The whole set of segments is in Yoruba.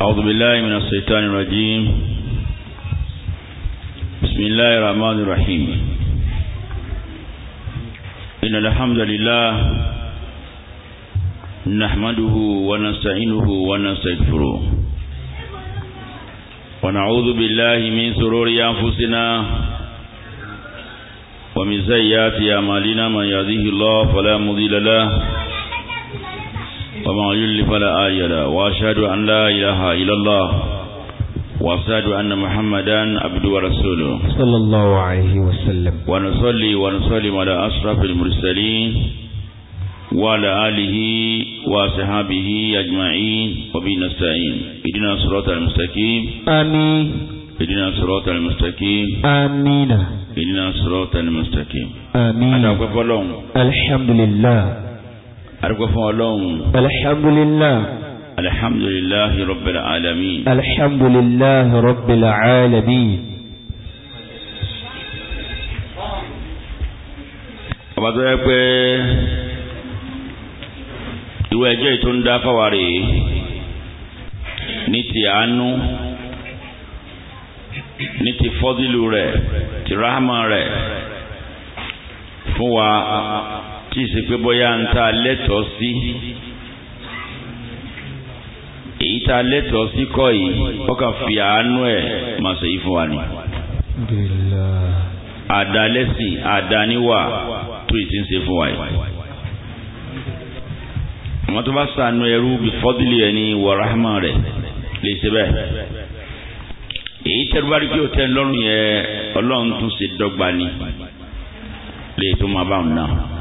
أعوذ بالله من الشيطان الرجيم بسم الله الرحمن الرحيم إن الحمد لله نحمده ونستعينه ونستغفره ونعوذ بالله من سرور أنفسنا ومن سيئات أعمالنا من يهده الله فلا مضل له وما يلي فلا آية لا وأشهد أن لا إله إلا الله وأشهد أن محمدا عبده ورسوله صلى الله عليه وسلم ونصلي ونسلم على أشرف المرسلين وعلى آله وصحابه أجمعين وبين السائين إدنا الصراط المستقيم آمين إدنا الصراط المستقيم آمين إدنا الصراط المستقيم آمين الحمد لله arúgbó fún ọlọ́run. alhamdulillah. alhamdulillahi rabbil alamin. alhamdulillahi rabbil alamin. ọba tó yẹ pé ìwé ẹjọ́ ètò ń dá fáwa ní ti àánú ní ti fọ́dílù rẹ̀ ti ráhámà rẹ̀ fún wa tí ì ṣe pé bóyá ń ta lẹ́tọ̀ọ́ sí èyí ta lẹ́tọ̀ọ́ sí kọ́ yìí ọkà fi àánú ẹ̀ máa ṣe yí fún wa ni. àdálẹ́sìn àdáníwà tó ì ti ń ṣe fún wa yìí. àwọn tó bá sànú ẹrú bí fọ́dúlì ẹ̀ ní wàràhámà rẹ̀ lè ṣe bẹ́ẹ̀. èyí tẹ́lú bá rí pé òtẹ́ lọ́rùn yẹn ọlọ́run tún ṣe dọ́gba ni lè tó máa bá òun náà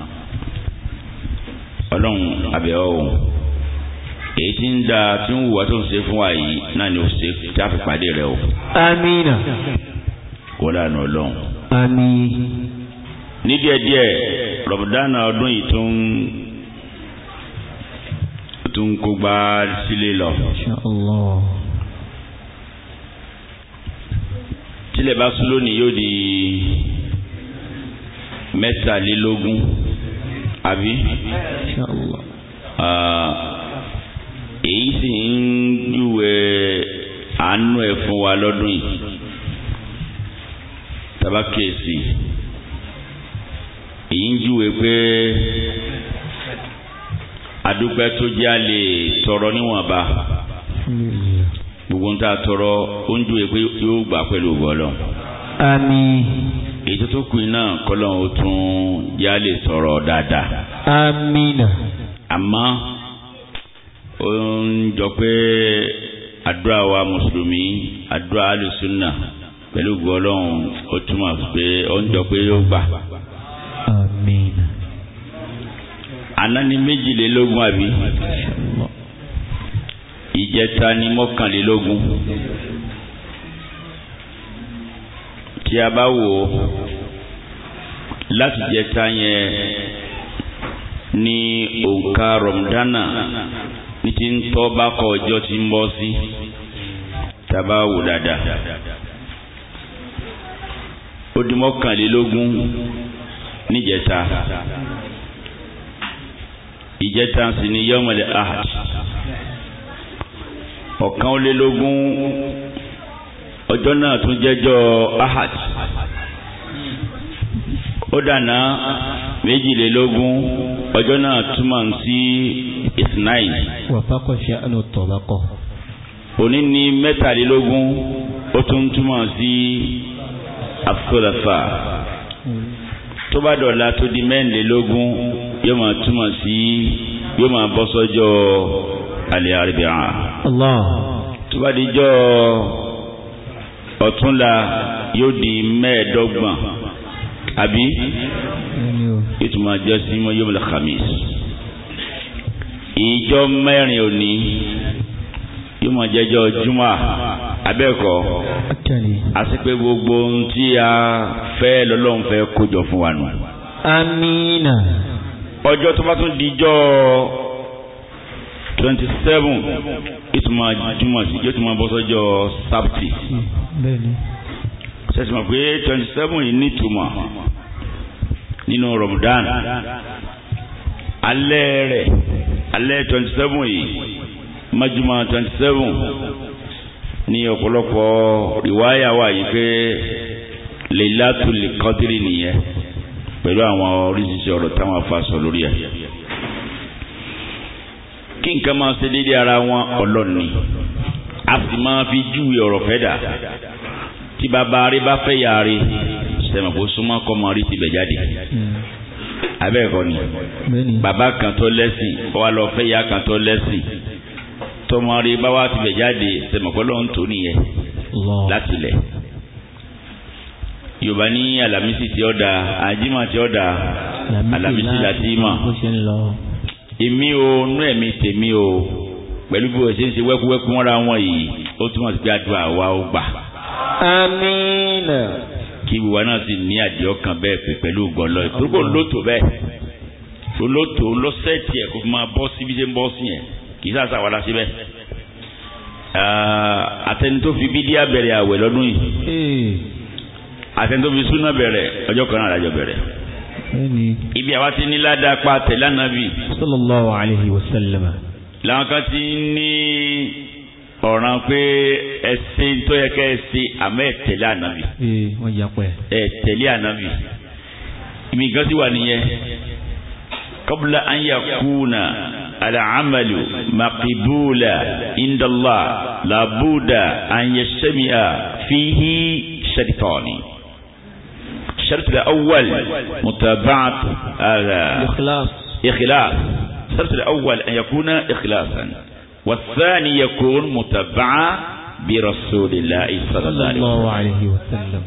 ọlọ́run àbẹ̀wò èyí tí ń da tí ń wùwá tó ń ṣe fún wa yìí náà ni ó ṣe tí a fi pàdé rẹ o. amina. kó lànà ọlọ́run. àmín. ní díẹ̀díẹ̀ rọ̀bùdánà ọdún yìí tó ń tó ń kógbá sílé lọ. Insha bá sún lónìí yóò di mẹ́tàlélógún àbí èyí sì ń júwe àánú ẹ̀ fún wa lọ́dún yìí tabakiyesi èyí ń júwe pé adúpẹ́ tó jẹ́ a lè tọrọ níwọ̀nba gbogbo ń ta tọrọ ó ń júwe pé yóò gbà pẹ̀lú ògbọ́lọ́. àmín èyí tó kù iná kọ́lọ́n ó tún yá lè sọ̀rọ̀ dáadáa. amina. àmọ́ ó ń jọ pé àdúrà wa mùsùlùmí àdúrà alùsùnà pẹ̀lú gbọ́lọ́hún ó túmọ̀ pé ó ń jọ pé yóò gbà. amina. àná ni méjìlélógún àbí ìjẹta ni mọ́kànlélógún tí a bá wò ó láti jẹta yẹn ní òǹkà rọmdánà ní ti ń tọ́ bá kọ ọjọ́ tí ń bọ́ sí tá bá wò dáadáa ó di mọ́kànlélógún níjẹta ìjẹta sì ni yọmọlẹ ahad ọ̀kanlélógún ọjọ́ náà tún jẹ́jọ́ ahad ó dànà méjìlélógún ọjọ́ náà túmọ̀ sí isnai. wàfàkọ̀ ṣe àánú tọ̀lákọ̀. òní ni mẹ́tàlélógún ó tún túmọ̀ sí afúlàfà tó bá dọ̀la tó di mẹ́rìnlélógún yóò máa túmọ̀ sí yóò máa bọ́ sọ́jọ́ alẹ́ àrẹ̀bẹ̀rẹ̀. tó bá di jọ́ ọ̀túnla yóò di mẹ́ẹ̀ẹ́dọ́gbọ̀n àbí ìtumọ̀ àjọ sí mọ́ yóò mọ̀lẹ́ khamis ìjọ mẹ́rin òní yóò mọ̀ jẹ́jọ́ juma abẹ́ẹ̀kọ́ àti pé gbogbo ohun tí a fẹ́ lọ́lọ́run fẹ́ kójọ fún wa nù. amina. ọjọ́ tó bá tún dijọ́ twenty seven tún máa júmọ̀ sí yóò tún máa bọ́ sọ́jọ́ twenty seven yìí ní ìtumọ̀ nínú Ramadan alẹ́ rẹ̀ alẹ́ twenty seven yìí májúmọ́ twenty seven ní ọ̀pọ̀lọpọ̀ rìwáyà wà yìí pé Lailatul Qadri nìyẹn pẹ̀lú àwọn oríṣiríṣi ọ̀rọ̀ táwọn afa sọ lórí ẹ̀ kí nǹkan máa ṣe déédéé ara wọn ọlọ́ni a sì máa fi júwe ọ̀rọ̀ fẹ́ dà tí bàbá rẹ bá fẹ́ yà rẹ sẹ̀mọ̀ kó súnmọ́ kọ́ mọ́ rí tibẹ̀ jáde abẹ́ ẹ̀kọ́ ni bàbá kan tó lẹ́sìn wà lọ fẹ́ yà kan tó lẹ́sìn tọmọ rẹ bá wà tibẹ̀ jáde sẹ̀mọ̀ kọ́ lọ́n tó nìyẹn láti lẹ̀ yorùbá ní alamisi tí ó da ajima tí ó da alamisi láti mọ̀ èmi o nú ẹ̀mí tèmi o pẹ̀lú bí o ṣe ń ṣe wẹ́kúwẹ́kú mọ́ra wọn yìí ó túmọ̀ sí pé àdúrà wa ó gbà. àmín. kí ìwà náà sì ní àdìẹ ọkàn bẹ́ẹ̀ pẹ̀lú gbọ́lọ́ ìtòkò lótò bẹ́ẹ̀ olótò lọ́sẹ̀tì ẹ̀ kó fi máa bọ́ síbi ṣe ń bọ́ sí yẹn kì í sàṣà wàdà síbẹ̀. àtẹni tó fi bídíà bẹ̀rẹ̀ àwẹ̀ lọ́dún yìí àtẹni tó fi súnà bẹ̀rẹ̀ ọjọ́ kan náà àdájọ́ bẹ̀rẹ̀ ibi àwa ti ní ládàá pa tẹ̀lé ànábì. sallallahu alayhi wa sallam. làwọn kan ti ní ọ̀ràn pé ẹ̀sìn tó yẹ kẹ́ ẹ ṣe àmọ́ ẹ̀ tẹ̀lé ànábì. ee wọ́n yà pẹ́. ẹ̀ tẹ̀lé ànábì. ìmì kan ti wà nìyẹn. qabla an yakuna al'amalu maqbula indallah labuda an yashmi'a fihi shaytani. الشرط الأول متابعة الإخلاص إخلاص الشرط الأول أن يكون إخلاصا والثاني يكون متابعة برسول الله صلى الله عليه وسلم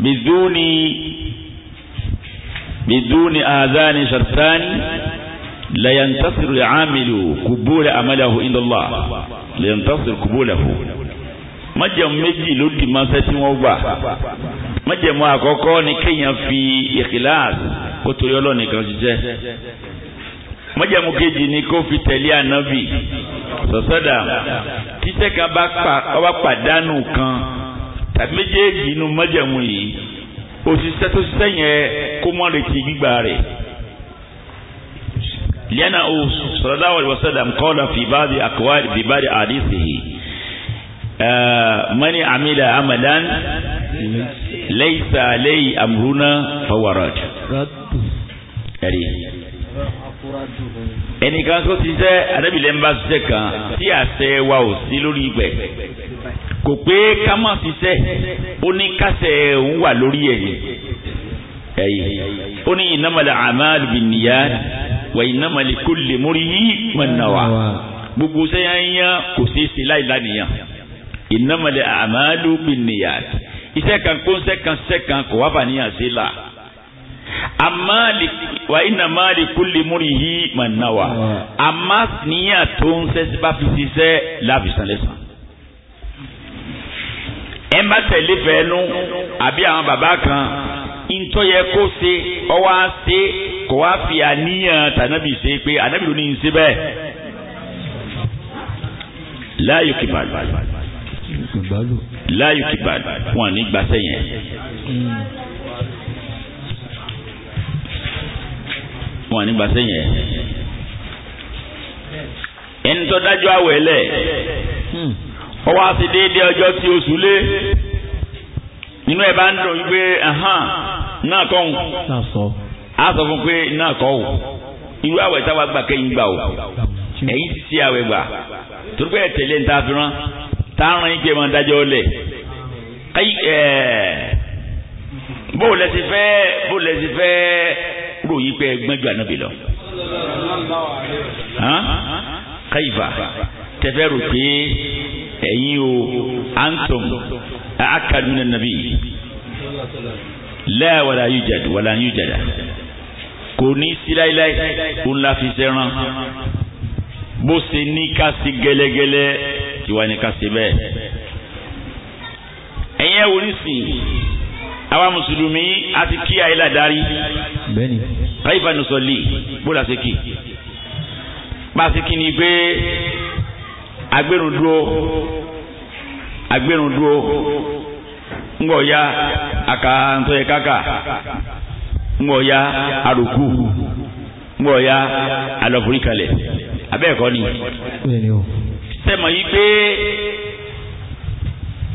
بدون بدون آذان شرطان لا ينتصر العامل قبول عمله إلا الله لا ينتصر قبوله ما جمجي لدي ما ستي májẹ̀mú àkọ́kọ́ ni kéèyàn fi ìkìláàs kó torí ọlọ́run nìkan ṣiṣẹ́ májẹ̀mú kejì ni kó fi tẹ̀lé ànábì sọ̀sọ́dà títẹ́ kan bá pàdánù kan tàbí méjèèjì inú májẹ̀mú yìí òṣìṣẹ́ tó ṣiṣẹ́ yẹn kó mọ́ retí gbígbà rẹ̀ lẹ́nà o sọ̀rọ̀dáwọ̀ ìwọ̀sọ̀dà kọ́ọ̀lá fi bá di àkọ́wá àdìsí yìí mani amila amalan laysa lay amruna fawarad ẹ̀rí ẹnìkan tó ti sẹ́ adábìlẹ̀ ń bá ṣiṣẹ́ kan tí àṣẹ wa ò sí lórí ibẹ̀ kò pé ká má ṣiṣẹ́ ó ní kásẹ̀ ń wà lórí ẹ̀yìn ẹ̀yìn ó ní ìnámọ̀lẹ̀ amal binniyat wà ìnámọ̀lẹ̀ kulli muri'in man nawa gbogbo sẹ́yìn yẹn kò ṣeé ṣe láì Inamale amadu bìnnìyàt iṣẹ́ kan kó ṣẹ́ kan ṣẹ́ kan kò wá fàníyàn sí la amali wa ina mali muri murihi manawa àmà níyà tó ń ṣẹ́ bá fi ṣiṣẹ́ láàbìsàn lẹ́sàn. ẹ má tẹ̀lé fẹ́ẹ́nu àbí àwọn bàbá kan ntọ́yẹ kó ṣe ọwọ́ á ṣe kò wá fi àníyàn tànàbì ṣe pé ànábì ló ní ṣe bẹ́ẹ̀ láàyò kìbàlù láàyò kìbàlù wọn ní gbàsẹ yẹn. wọn ní gbàsẹ yẹn. ẹni tó dájọ́ àwẹ̀ lẹ̀ ọwọ́ àti déédéé ọjọ́ tí oṣù lé nínú ẹ̀ bá ń dùn wípé náà kọ́ òun á sọ fún pé náà kọ́ òun irú àwẹ̀ táwa gbà kẹ́yìn gbà o ẹ̀yìn ti ṣe àwẹ̀ gbà torí pé ẹ̀ tẹ̀lé ń ta fi rán táwọn yìí pé máa dájọ́ lẹ̀ bó lẹ́sí fẹ́ bó lẹ́sí fẹ́ ròyìn pé gbẹ́jọ́ ànábì lọ. kaifa tẹ́fẹ́ rò pé ẹ̀yin o antum akadu min annabi la wala yujad wala yujada kò ní sí láíláí la fi ṣẹran bó ṣe ní ká sí gẹ́lẹ́gẹ́lẹ́ ìwà ni ká ṣe bẹ́ẹ̀. ẹ̀yẹ́ orísìn àwa mùsùlùmí a ti kí àyílà darí. bẹ́ẹ̀ni. káyífà nùsọ̀lì bó la ṣe kì. bá a ṣe kí ni pé agbẹ́rùn dúró agbẹ́rùn dúró ńgbọ̀ ya àkàntọ́ yẹ káka ńgbọ̀ ya àròkù ńgbọ̀ ya àlọ́foríkalẹ̀ abẹ́ẹ̀kọ́ ni sẹ́mọ̀ yìí pé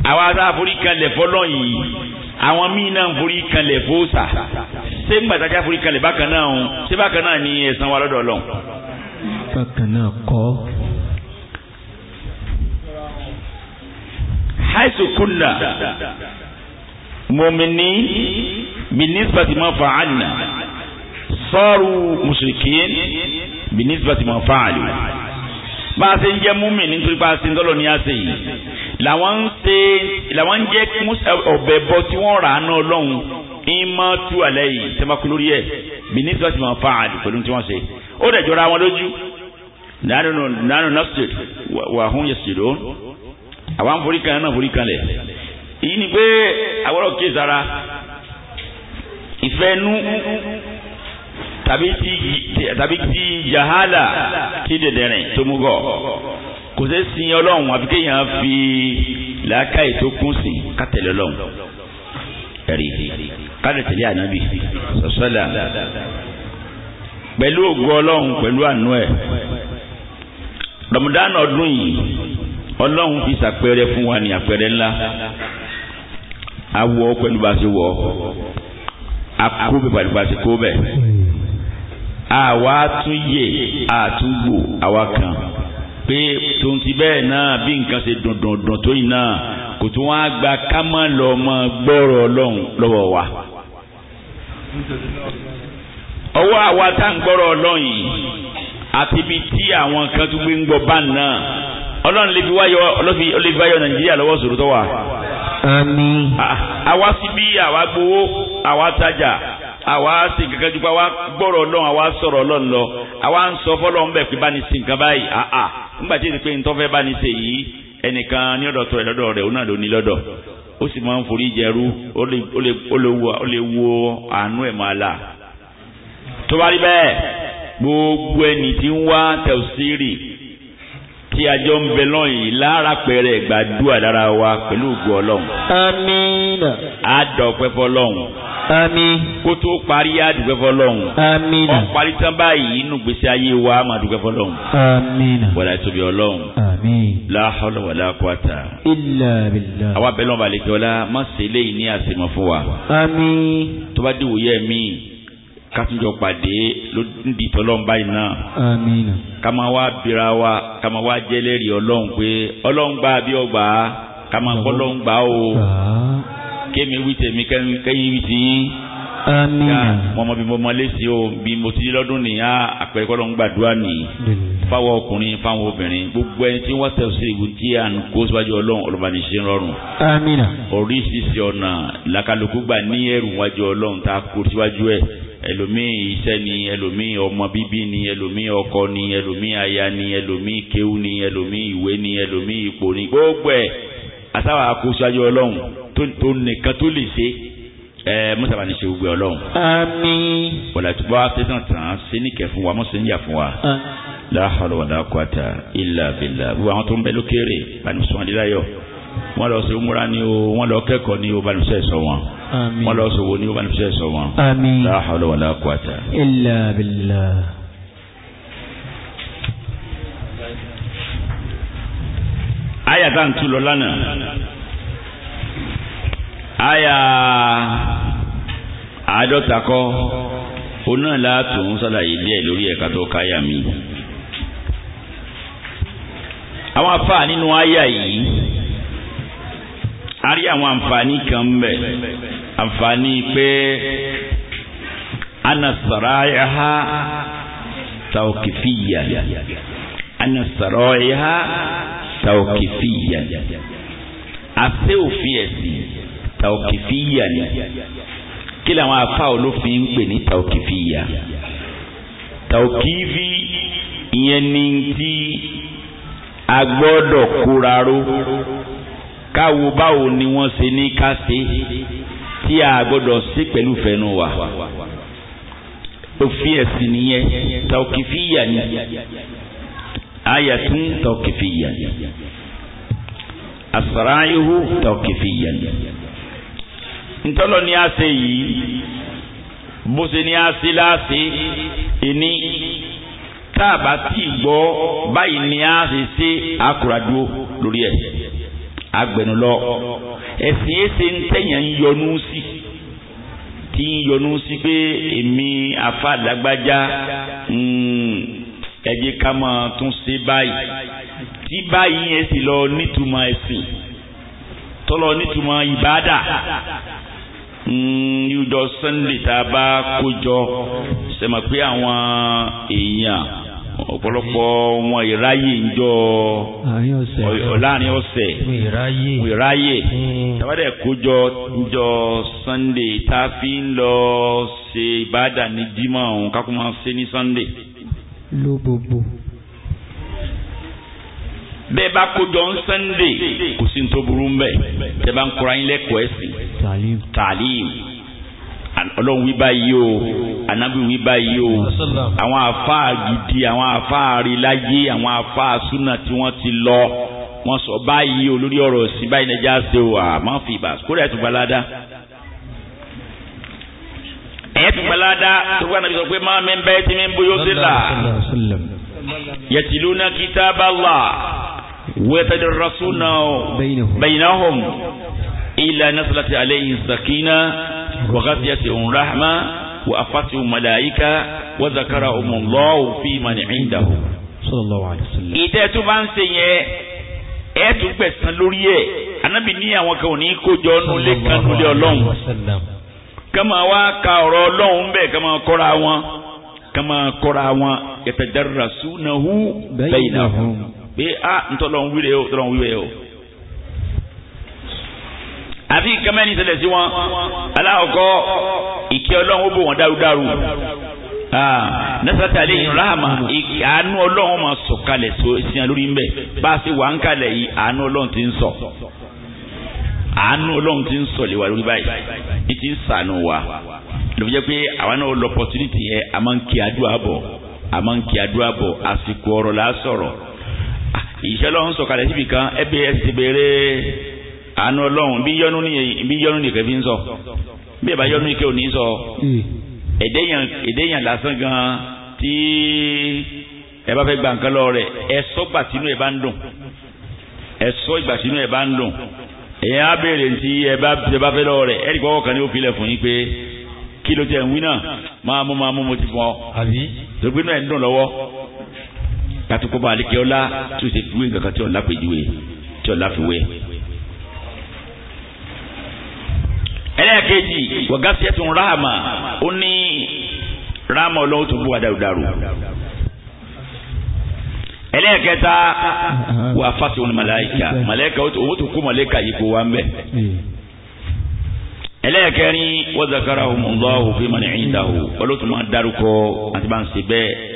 àwọn ará àforí kanlẹ̀ fọlọ́ yìí àwọn míì náà forí kanlẹ̀ fóòsà ṣé gbàdájà forí kanlẹ̀ bákan náà ń ṣé bákan náà ni ẹ̀san wa lọ́dọ̀ Ọlọ́run. bákan náà kọ́. haisu kunna mọ̀mìnì bìnísbà tí ma fa sọ́ọ̀rù mushrikin bìnísbà tí ma fa bá a ṣe ń jẹ́ múmi nítorí bá a ṣe ń tọ́lọ̀ ní àṣẹ yìí làwọn ń ṣe làwọn ń jẹ́ ọ̀bẹ bọ tí wọ́n rà á náà lọ́hùn ìmọ̀ tú àlẹ́ yìí sẹ́mọ́kú lórí ẹ̀ mínísítọ̀ ti máa fa àdì pẹ̀lú tí wọ́n ṣe ó dẹ̀ jọra wọn lójú nánú nọ́ọ̀sì wà hún yẹ sí àwọn àforí kan náà forí kan lẹ̀ èyí ni pé àwọ̀rọ̀ kéésàrà ìfẹ́ nú tàbí tí tàbí tí jahala tí dẹ̀dẹ̀rìn tó mú gọ̀ kò sí sin ọlọ́run àfi kéèyàn fi làákàyè tó kún sí ká tẹ̀lé ọlọ́run ẹ̀rí ká lè tẹ̀lé ànábì sọ̀sọ́là pẹ̀lú ògùn ọlọ́run pẹ̀lú àánú ẹ̀ Ramadan ọdún yìí ọlọ́run fi ṣàpẹẹrẹ fún wa ní àpẹẹrẹ ńlá awọ pẹ̀lú bá ṣe wọ̀ akó pẹ̀lú bá ṣe kó bẹ̀ àwa tún yè àtúngbò àwa kan pé tòun ti bẹ́ẹ̀ náà bí nǹkan ṣe dùndùndùn tó yìí náà kò tún wá gba kámọ́ lọ mọ gbọ́rọ̀ ọlọ́run lọ́wọ́ wa. ọwọ́ àwa tá ń gbọ́rọ̀ ọlọ́run yìí àti ibi tí àwọn kan tún gbé ń gbọ́ bá náà ọlọ́run lè fi wáyọ ọlọ́fi wáyọ nàìjíríà lọ́wọ́ sòrò tó wà. àwa síbí àwa gbowó àwa tajà àwa sì kankan ju pé àwa gbọ́rọ̀ ọlọ́run àwa sọ̀rọ̀ ọlọ́run lọ àwa ń sọ fọlọ́run bẹ̀ pé bá ní sin nǹkan báyìí àà nígbà tí pé ń bá ní yìí ẹnìkan ní ọ̀dọ̀ tó rẹ̀ lọ́dọ̀ rẹ̀ gbogbo ẹni tí ń wá tẹ̀síìrì tí àjọ ń bẹ lọ́n wa pẹ̀lú ògùn ọlọ́run. a dọ̀pẹ́ fọlọ́run. Ami, kó tó parí àdúgbò fọlọ́hún. àmín. ọ̀ parí tán báyìí inú gbèsè ayé wa máa dúgbò fọlọ́hún. àmín. wàlá tóbi ọlọ́hún. àmín. la hawla wala illa billah. àwa bẹ́ẹ̀ lọ́ba àlejò ọ̀la má se eléyìí ní àṣemọ̀ fún wa. àmín. tó bá dìwò yẹ mí kátúnjọ pàdé ló ń di tọ́lọ́n báyìí náà. àmín. ká máa wá bira wa ká máa wá jẹ́lẹ́rìí pé ọlọ́run gbà bí ọgbà ká gbọ́ kémi wí tèmi kẹ́yìn wí tìyín. àmín. mo mọ bí mo mọ lẹ́sì o bí mo ti lọ́dún nìyá àpẹẹrẹ kọ́ ló ń gbàdúrà nìyí. fáwọn ọkùnrin fáwọn obìnrin gbogbo ẹni tí wọ́n tẹ̀sí ìwú tí à ń kó síwájú ọlọ́run ọlọ́mọdé ṣe ń rọrùn. àmín. oríṣiríṣi ọ̀nà làkàlùkù gbà ní ẹrù wájú ọlọ́run tá a kó síwájú ẹ̀ ẹlòmíì iṣẹ́ ni ẹlòmíì ọmọ bíbí ni ẹlòmíì ọkọ ni ẹlòmíì aya ni ẹlòmíì kéwú ni ẹlòmíì ìwé ni ẹlòmíì ipò ni gbogbo ẹ̀ àtàwọn akóṣájú ọlọ́run tó nìkan tó lè ṣe ẹ mọ́sàbà ní ṣe gbogbo ọlọ́run. àmín. wàlá tó bá ṣe tán tán ṣe níkẹ́ fún wa mọ́sẹ̀ níyà fún wa. láhàlù wàlá kwata ilà bìlà gbogbo àwọn tó ń bẹ lókèrè banisọ́n adélayọ̀ wọ́n lọ sí umura ni o wọ́n lọ kẹ́kọ̀ọ́ ni o banisọ́ ẹ̀sọ́ wọn. àmín. wọ́n lọ sọ̀wọ́ ni o banisọ́ ẹ̀sọ́ wọn. àmín. láhàlù wàlá kwata. ilà bìlà. ayàtà ń lánàá. Aya àádọ́ta kọ́ òun náà látòun sàlàyé díẹ̀ lórí ẹ̀ka tó káyà mi. àwọn afáà nínú àyà yìí a rí àwọn àǹfààní kan mbẹ àǹfààní pé anasarayaha tawkifiya anasarayaha tawkifiya àṣẹ òfin ẹ̀sìn tàòkìfìyà ni kila làwọn afa olófin ń pè ní tàòkìfìyà tàòkìfì ìyẹn ni ti a gbọ́dọ̀ kóraró káwo báwo ni wọ́n ṣe ní ká ṣe tí a gbọ́dọ̀ ṣe pẹ̀lú fẹ́nu wa òfin ẹ̀sìn nìyẹn tàòkìfìyà ni ayatun tàòkìfìyà ni asaraayihu tàòkìfìyà ni ntọ́lọ́ ni a ṣe yìí bó ṣe ni a ṣe láṣe ẹni tá a bá tí ì gbọ́ báyìí ni a ṣe ṣe àkùràdúró lórí ẹ̀ agbẹnulọ ẹ̀sìn ẹ̀sìn ń tẹ̀yàn ń yọnu sí tí yọnu sí pé èmi afa lágbájá hmm, ẹ jẹ́ tún ṣe báyìí tí báyìí yẹn lọ nítumọ̀ ẹ̀sìn tọ́lọ nítumọ̀ ìbáàdà níjọ́ sunday tá a bá kójọ sẹ́mọ̀ pé àwọn èèyàn ọ̀pọ̀lọpọ̀ wọn ìráyè ń jọ láàrin ọ̀sẹ̀ ìráyè hmm. tàbádẹ́ kójọ níjọ́ sunday tá a fi ń lọ ṣe ìbádà ní jímọ̀ òun kákó máa ṣe ní sunday. ló gbogbo bẹ́ẹ̀ bá kójọ ń sànńdé kò sí ní tó burú mbẹ́ tẹ́ bá ń kura yín lẹ́kọ̀ọ́ ẹ̀sìn tàlíìm ọlọ́run wí báyìí o ànábì wí báyìí o àwọn àfáà gidi àwọn àfáà àríláyé àwọn àfáà súnà tí wọ́n ti lọ wọ́n sọ báyìí o lórí ọ̀rọ̀ ẹ̀sìn báyìí nàìjíríà ṣe o àmọ́ fi ìbà kórè ẹ̀ gbalada ẹ̀ gbalada tó gbà nàbí pé máa mi bẹ́ẹ̀ tí mi bóyó sí là yẹtìlú náà kìtàbà là. ويتدرسون بينهم إلا نزلت عليهم السكينة وغطيتهم رحمة وأفتهم ملائكة وذكرهم الله في من عنده صلى الله عليه وسلم إذا تبان سيئ ẹ tún gbẹ̀sán lórí ẹ̀ anábì ní àwọn kan ò ní kójọ nulẹ̀ kan nulẹ̀ ọlọ́run ká máa ka ọ̀rọ̀ ọlọ́run bẹ̀ ká kọ́ra wọn ká kọ́ra wọn yatadarrasunahu bainahum be a ah, ntọ́lọ́ ń wíre o tọ́lọ́ ń o. àfi wọn aláwọ̀kọ́ ìkẹ́ ọlọ́run ó bò wọ́n dárúdárú ah, nasarata ale yin rahama ike ọlọ́run máa sọ̀kalẹ̀ sí lórí ń bẹ̀ a ṣe wà ti n sọ anu ọlọ́run ti wa ti wa pé náà lọ a máa ń kí a máa ń kí la ìṣẹ́ ọlọ́run sọ̀kalẹ̀ síbi kan ẹbí ẹ ti béèrè àánú ọlọ́run bí yọnu bí yọnu nìkan fi ń sọ bí ẹ̀bá yọnu nìkan ò ní sọ hmm. èdèyàn lásán gan tí ẹ bá fẹ́ gba nǹkan lọ rẹ̀ ẹ sọ gbà tínú ẹ bá ń dùn ẹ sọ ìgbà tínú ẹ bá ń dùn ẹ̀yìn á béèrè tí ẹ bá fẹ́ lọ rẹ̀ ẹ̀rí kọ́kọ́ kan ní ó filẹ̀ fún yín pé kí ló jẹ́ ń wí náà máa mú máa mú mo ti fọ́ àbí tó gbé náà ń dùn lọ́wọ́ tàbí kó bá alikẹ́ ọlá tí o ṣe fi wé nǹkan kan tí ọ̀la pèjúwe tí ọ̀la fi wé. ẹlẹ́ẹ̀kejì wàgásíẹ́ tún ráàmà ó ní ráàmà ọlọ́run tó bú wa dàrúdàrú. ẹlẹ́ẹ̀kẹta wà fásitì wọn màláìka màláìka owó tó kó màláìka yìí kó wa ń bẹ̀. ẹlẹ́ẹ̀kẹrin wọ́n zakara ọmọlọ́wọ́ fún ìmọ̀ ní ẹ̀yìn dàrú ọlọ́tún máa dárúkọ àti bá ń ṣe bẹ́ẹ̀.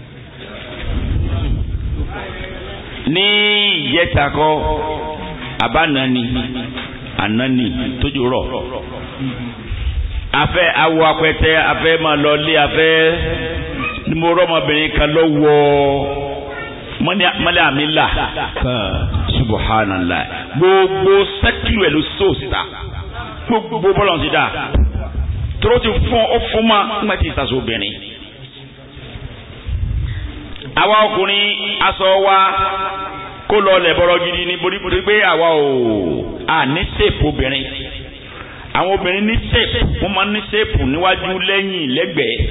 ní ìjẹta kọ àbánani ànani tójú rọ afẹ awọ apẹtẹ afẹ máa lọ lé afẹ ni mo rọ ọmọbìnrin kan lọ wọ mọlẹ àmì là subhanallah gbogbo sẹkìlù ẹ ló sóòsìta gbogbo bọlọ ti dà tó ti fún ọ fún ma ń gbà tí ìsàsọ obìnrin àwa ọkùnrin aṣọ wa kó lọ lẹ̀ bọ́rọ̀ gidi ní borí pé àwa ò àní ṣèpù obìnrin àwọn obìnrin ní ṣèpù wọ́n máa ń ní ṣèpù níwájú lẹ́yìn lẹ́gbẹ̀ẹ́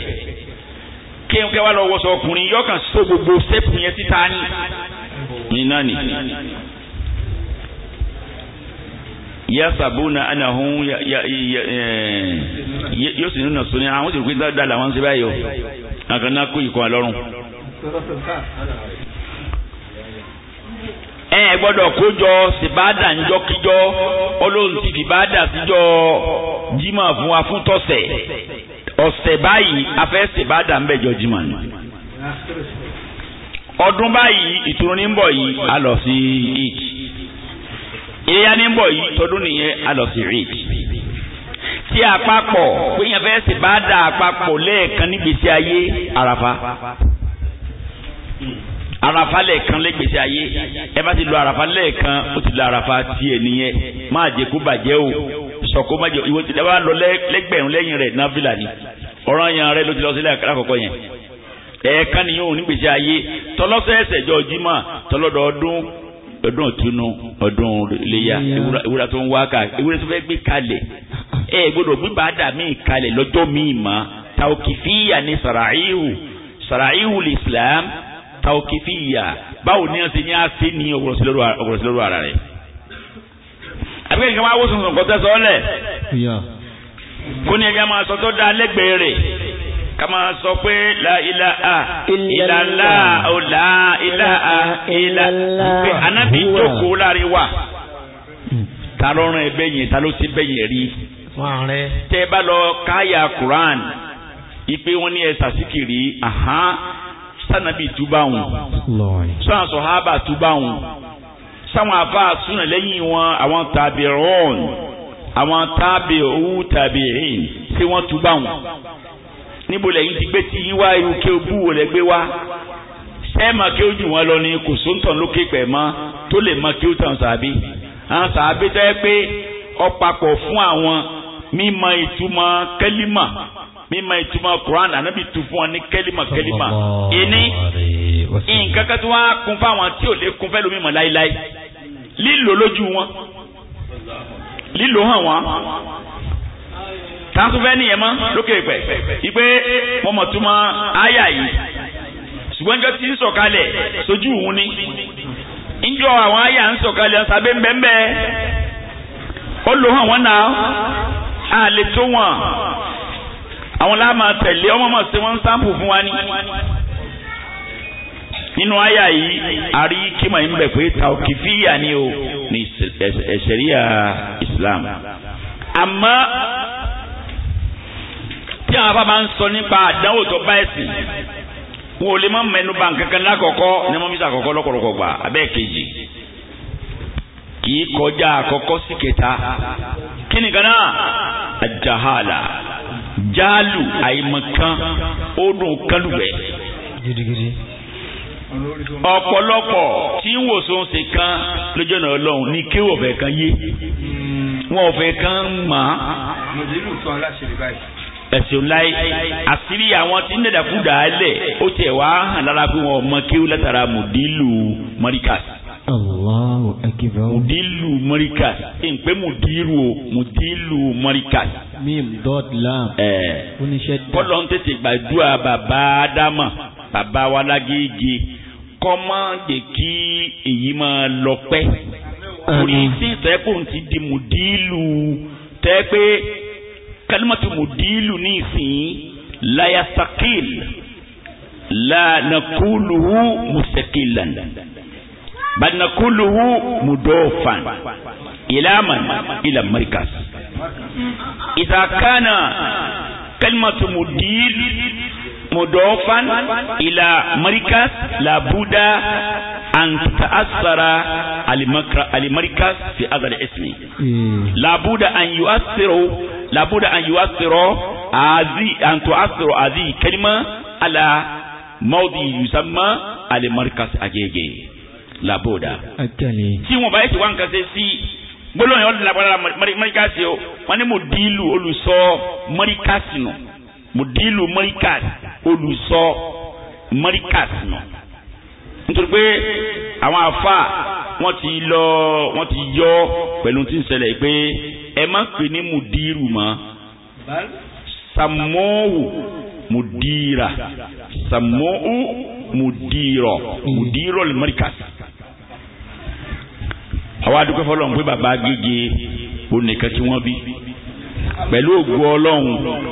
kí n kẹ́ wá lọ wọṣọ ọkùnrin yọkàn so gbogbo ṣèpù yẹn síta ní nínà ni. yasabuna anahun eh, yóò sì nínú sọ àwọn sì rò pé dáadáa làwọn ń ṣe báyìí o àkànná kó ìkọ́ àlọ́run ẹ gbọ́dọ̀ kójọ sìbáàdà ńjọ́kíjọ́ Ọlọ́run ti fìbáàdà síjọ́ jimá fún wa fún tọ̀sẹ̀ ọ̀sẹ̀ báyìí afẹ́ sìbáàdà ń bẹ̀jọ jimá ni ọdún báyìí ìtùnú ní ń bọ̀ yìí a lọ sí ìd iléyà ní ń yìí tọdún nìyẹn a lọ sí ìd tí àpapọ̀ péyàn fẹ́ sìbáàdà àpapọ̀ lẹ́ẹ̀kan nígbèsí ayé àràfà àràfà lẹ́ẹ̀kan lẹ́gbèsè ayé ẹ bá ti lo àràfà lẹ́ẹ̀kan ó ti lo àràfà tiẹ̀ nìyẹn má jẹ́ kó bàjẹ́ o sọ̀kó má jẹ́ ìwé tìlẹ̀ wà lọ lẹ́gbẹ̀rún lẹ́yìn rẹ̀ náfìlà ni ọ̀ràn yẹn rẹ ló ti lọ sílẹ̀ àkọ́kọ́ yẹn ẹ̀ẹ̀kan nìyẹn ò nígbèsè ayé tọlọ́sẹ̀ẹsẹ̀ jọ jimá tọlọ́dọọdún ọdún ọ̀túnú ọdún iléyà ewúrà tó ń wá ká ewúrà tó fẹ́ gbé kalẹ̀ ẹ gbọ́dọ̀ gbígbà dà míì kalẹ̀ lọ́jọ́ míì mọ́ tàókìfíyà ni sàràíhù sàràíhù l'Islam tàwọkìfìyà báwo ni wọ́n ti ní àṣẹ ní ọ̀gọ̀rọ̀sílọ́rọ̀ ara rẹ̀. àbí kẹ́kẹ́ máa wó sùnsùn kọ́ tẹ́sán ọ́lẹ̀. kó ní ẹgbẹ́ máa sọ tó dáa lẹ́gbẹ̀ẹ́ rẹ̀ ká máa sọ pé la ilaha illallah o la ilaha illallah pé anábì jókòó láre wà. ta ló rán ẹ bẹ́yìn ta ló ti bẹ́yìn rí. tẹ́ bá lọ káyà Quran ipe wọn ní ẹ sàṣìkìrì sanabi túbáhùn sọ́nà sọ̀hábà túbáhùn sáwọn afa súnà lẹ́yìn wọn àwọn tàbírọ̀n àwọn tàbí owó tàbíìn tí wọ́n túbáhùn níbo lẹ́yìn ti gbé tí yín wá irú kí o bú wò lẹ́ gbé wá sẹ́ẹ̀mà kí o jù wọn lọ ni kò sóńtàn lókè pẹ̀ mọ́ tó lè mọ kí o tàn sàbí àwọn sàbí tẹ́ pé ọ̀pàpọ̀ fún àwọn mímọ̀ ìtumọ̀ kẹ́límà mímọ̀ ìtumọ̀ Quran ànábì tu fún ọ ní kẹ́límà kẹ́límà ìní nǹkan kan tí wọ́n á kún fáwọn tí ò lè kún fẹ́ lómi mọ̀ láíláí lílo lójú wọn lílo hàn wọn tàǹtùfẹ́ nìyẹn mọ́ lókè pẹ̀ ìpè mọ̀mọ̀túmọ̀ àyà yìí ṣùgbọ́n jọ ti ń sọ̀kalẹ̀ sójú òun ni njọ àwọn àyà ń sọ̀kalẹ̀ sábẹ́ ńbẹ́ńbẹ́ ó lo hàn wọn náà àlè tó wọn àwọn la máa tẹ̀lé ọmọ mọ̀ sí wọ́n ń sáǹpù fún wa ní. nínú àyà yìí àrí kímọ̀ ń bẹ̀ pé tàòkìfíyà ni o ní ẹ̀ṣẹ̀ríyà Islam. àmọ́ tí àwọn afá máa ń sọ nípa àdánwò tó bá ẹ̀sìn wọn ò lè má mẹ́nu bà nǹkankan lákọ̀ọ́kọ́ ní wọ́n mi sàkọ́kọ́ lọ́kọ̀ọ́kọ́ gbà abẹ́ kejì kì í kọjá àkọ́kọ́ sí kẹta kí ni gánà àjàhálà jaalu àìmọ̀kan ó dùn kálùbẹ̀. gidigidi. ọ̀pọ̀lọpọ̀ tí ń wòsàn ṣe kan lójú ọ̀nà ọlọ́run ní kí wọ́n fẹ́ kan yé wọ́n fẹ́ kan mọ̀ án. mòdìlù tán láṣẹ rí báyìí. ẹ̀sùn láì àṣírí àwọn tí ń dàdàkú dàálẹ̀ ó tiẹ̀ wá hàn lára pé wọn ò mọ kí látara mòdìlù mọ́ríkàsì. Allahu akbar. mudilu mọ́ríkà ìpè mudiru o mudilu mọ́ríkà. mim dot lam. ẹẹ kọlọ ń tètè gbàdúrà bàbá adama bàbá walágége kọ́má jẹ́ kí èyí máa lọ pẹ́. orí sí ìtẹ́kùn ti di mudilu tẹ́ pé mudilu ní ìsìn layasakil lanakuluhu musakilan banakuluhu mudofan ilaman ila markas idha kana kalimatu mudid mudofan ila markas la buda an taassara almarkas fi hadha ismi hmm. la buda an yuassiru la buda an yuassiru azi an tuassiru azi kalima ala mawdi yusamma almarkas agege làbòdà. tí wọn bá yẹ ti wá nǹkan ṣe sí gbólóyìn ọdún labalala mọríkàsì o wọn ní mùdílù olùsọ mọríkàsì nù mùdílù mọríkàsì olùsọ mọríkàsì nù nítorí pé àwọn afa wọn ti lọ wọn ti yọ pẹ̀lú tí ń ṣẹlẹ̀ pé ẹ má pè ní mùdírù mọ́ sàmóòwù mùdíra sàmóòwù mùdírọ̀ mùdírọ̀ lè mọ́ríkàsì àwa dúpẹ́ fọlọ́run pé bàbá Agége onìkan tí wọ́n bí pẹ̀lú ògùn ọlọ́run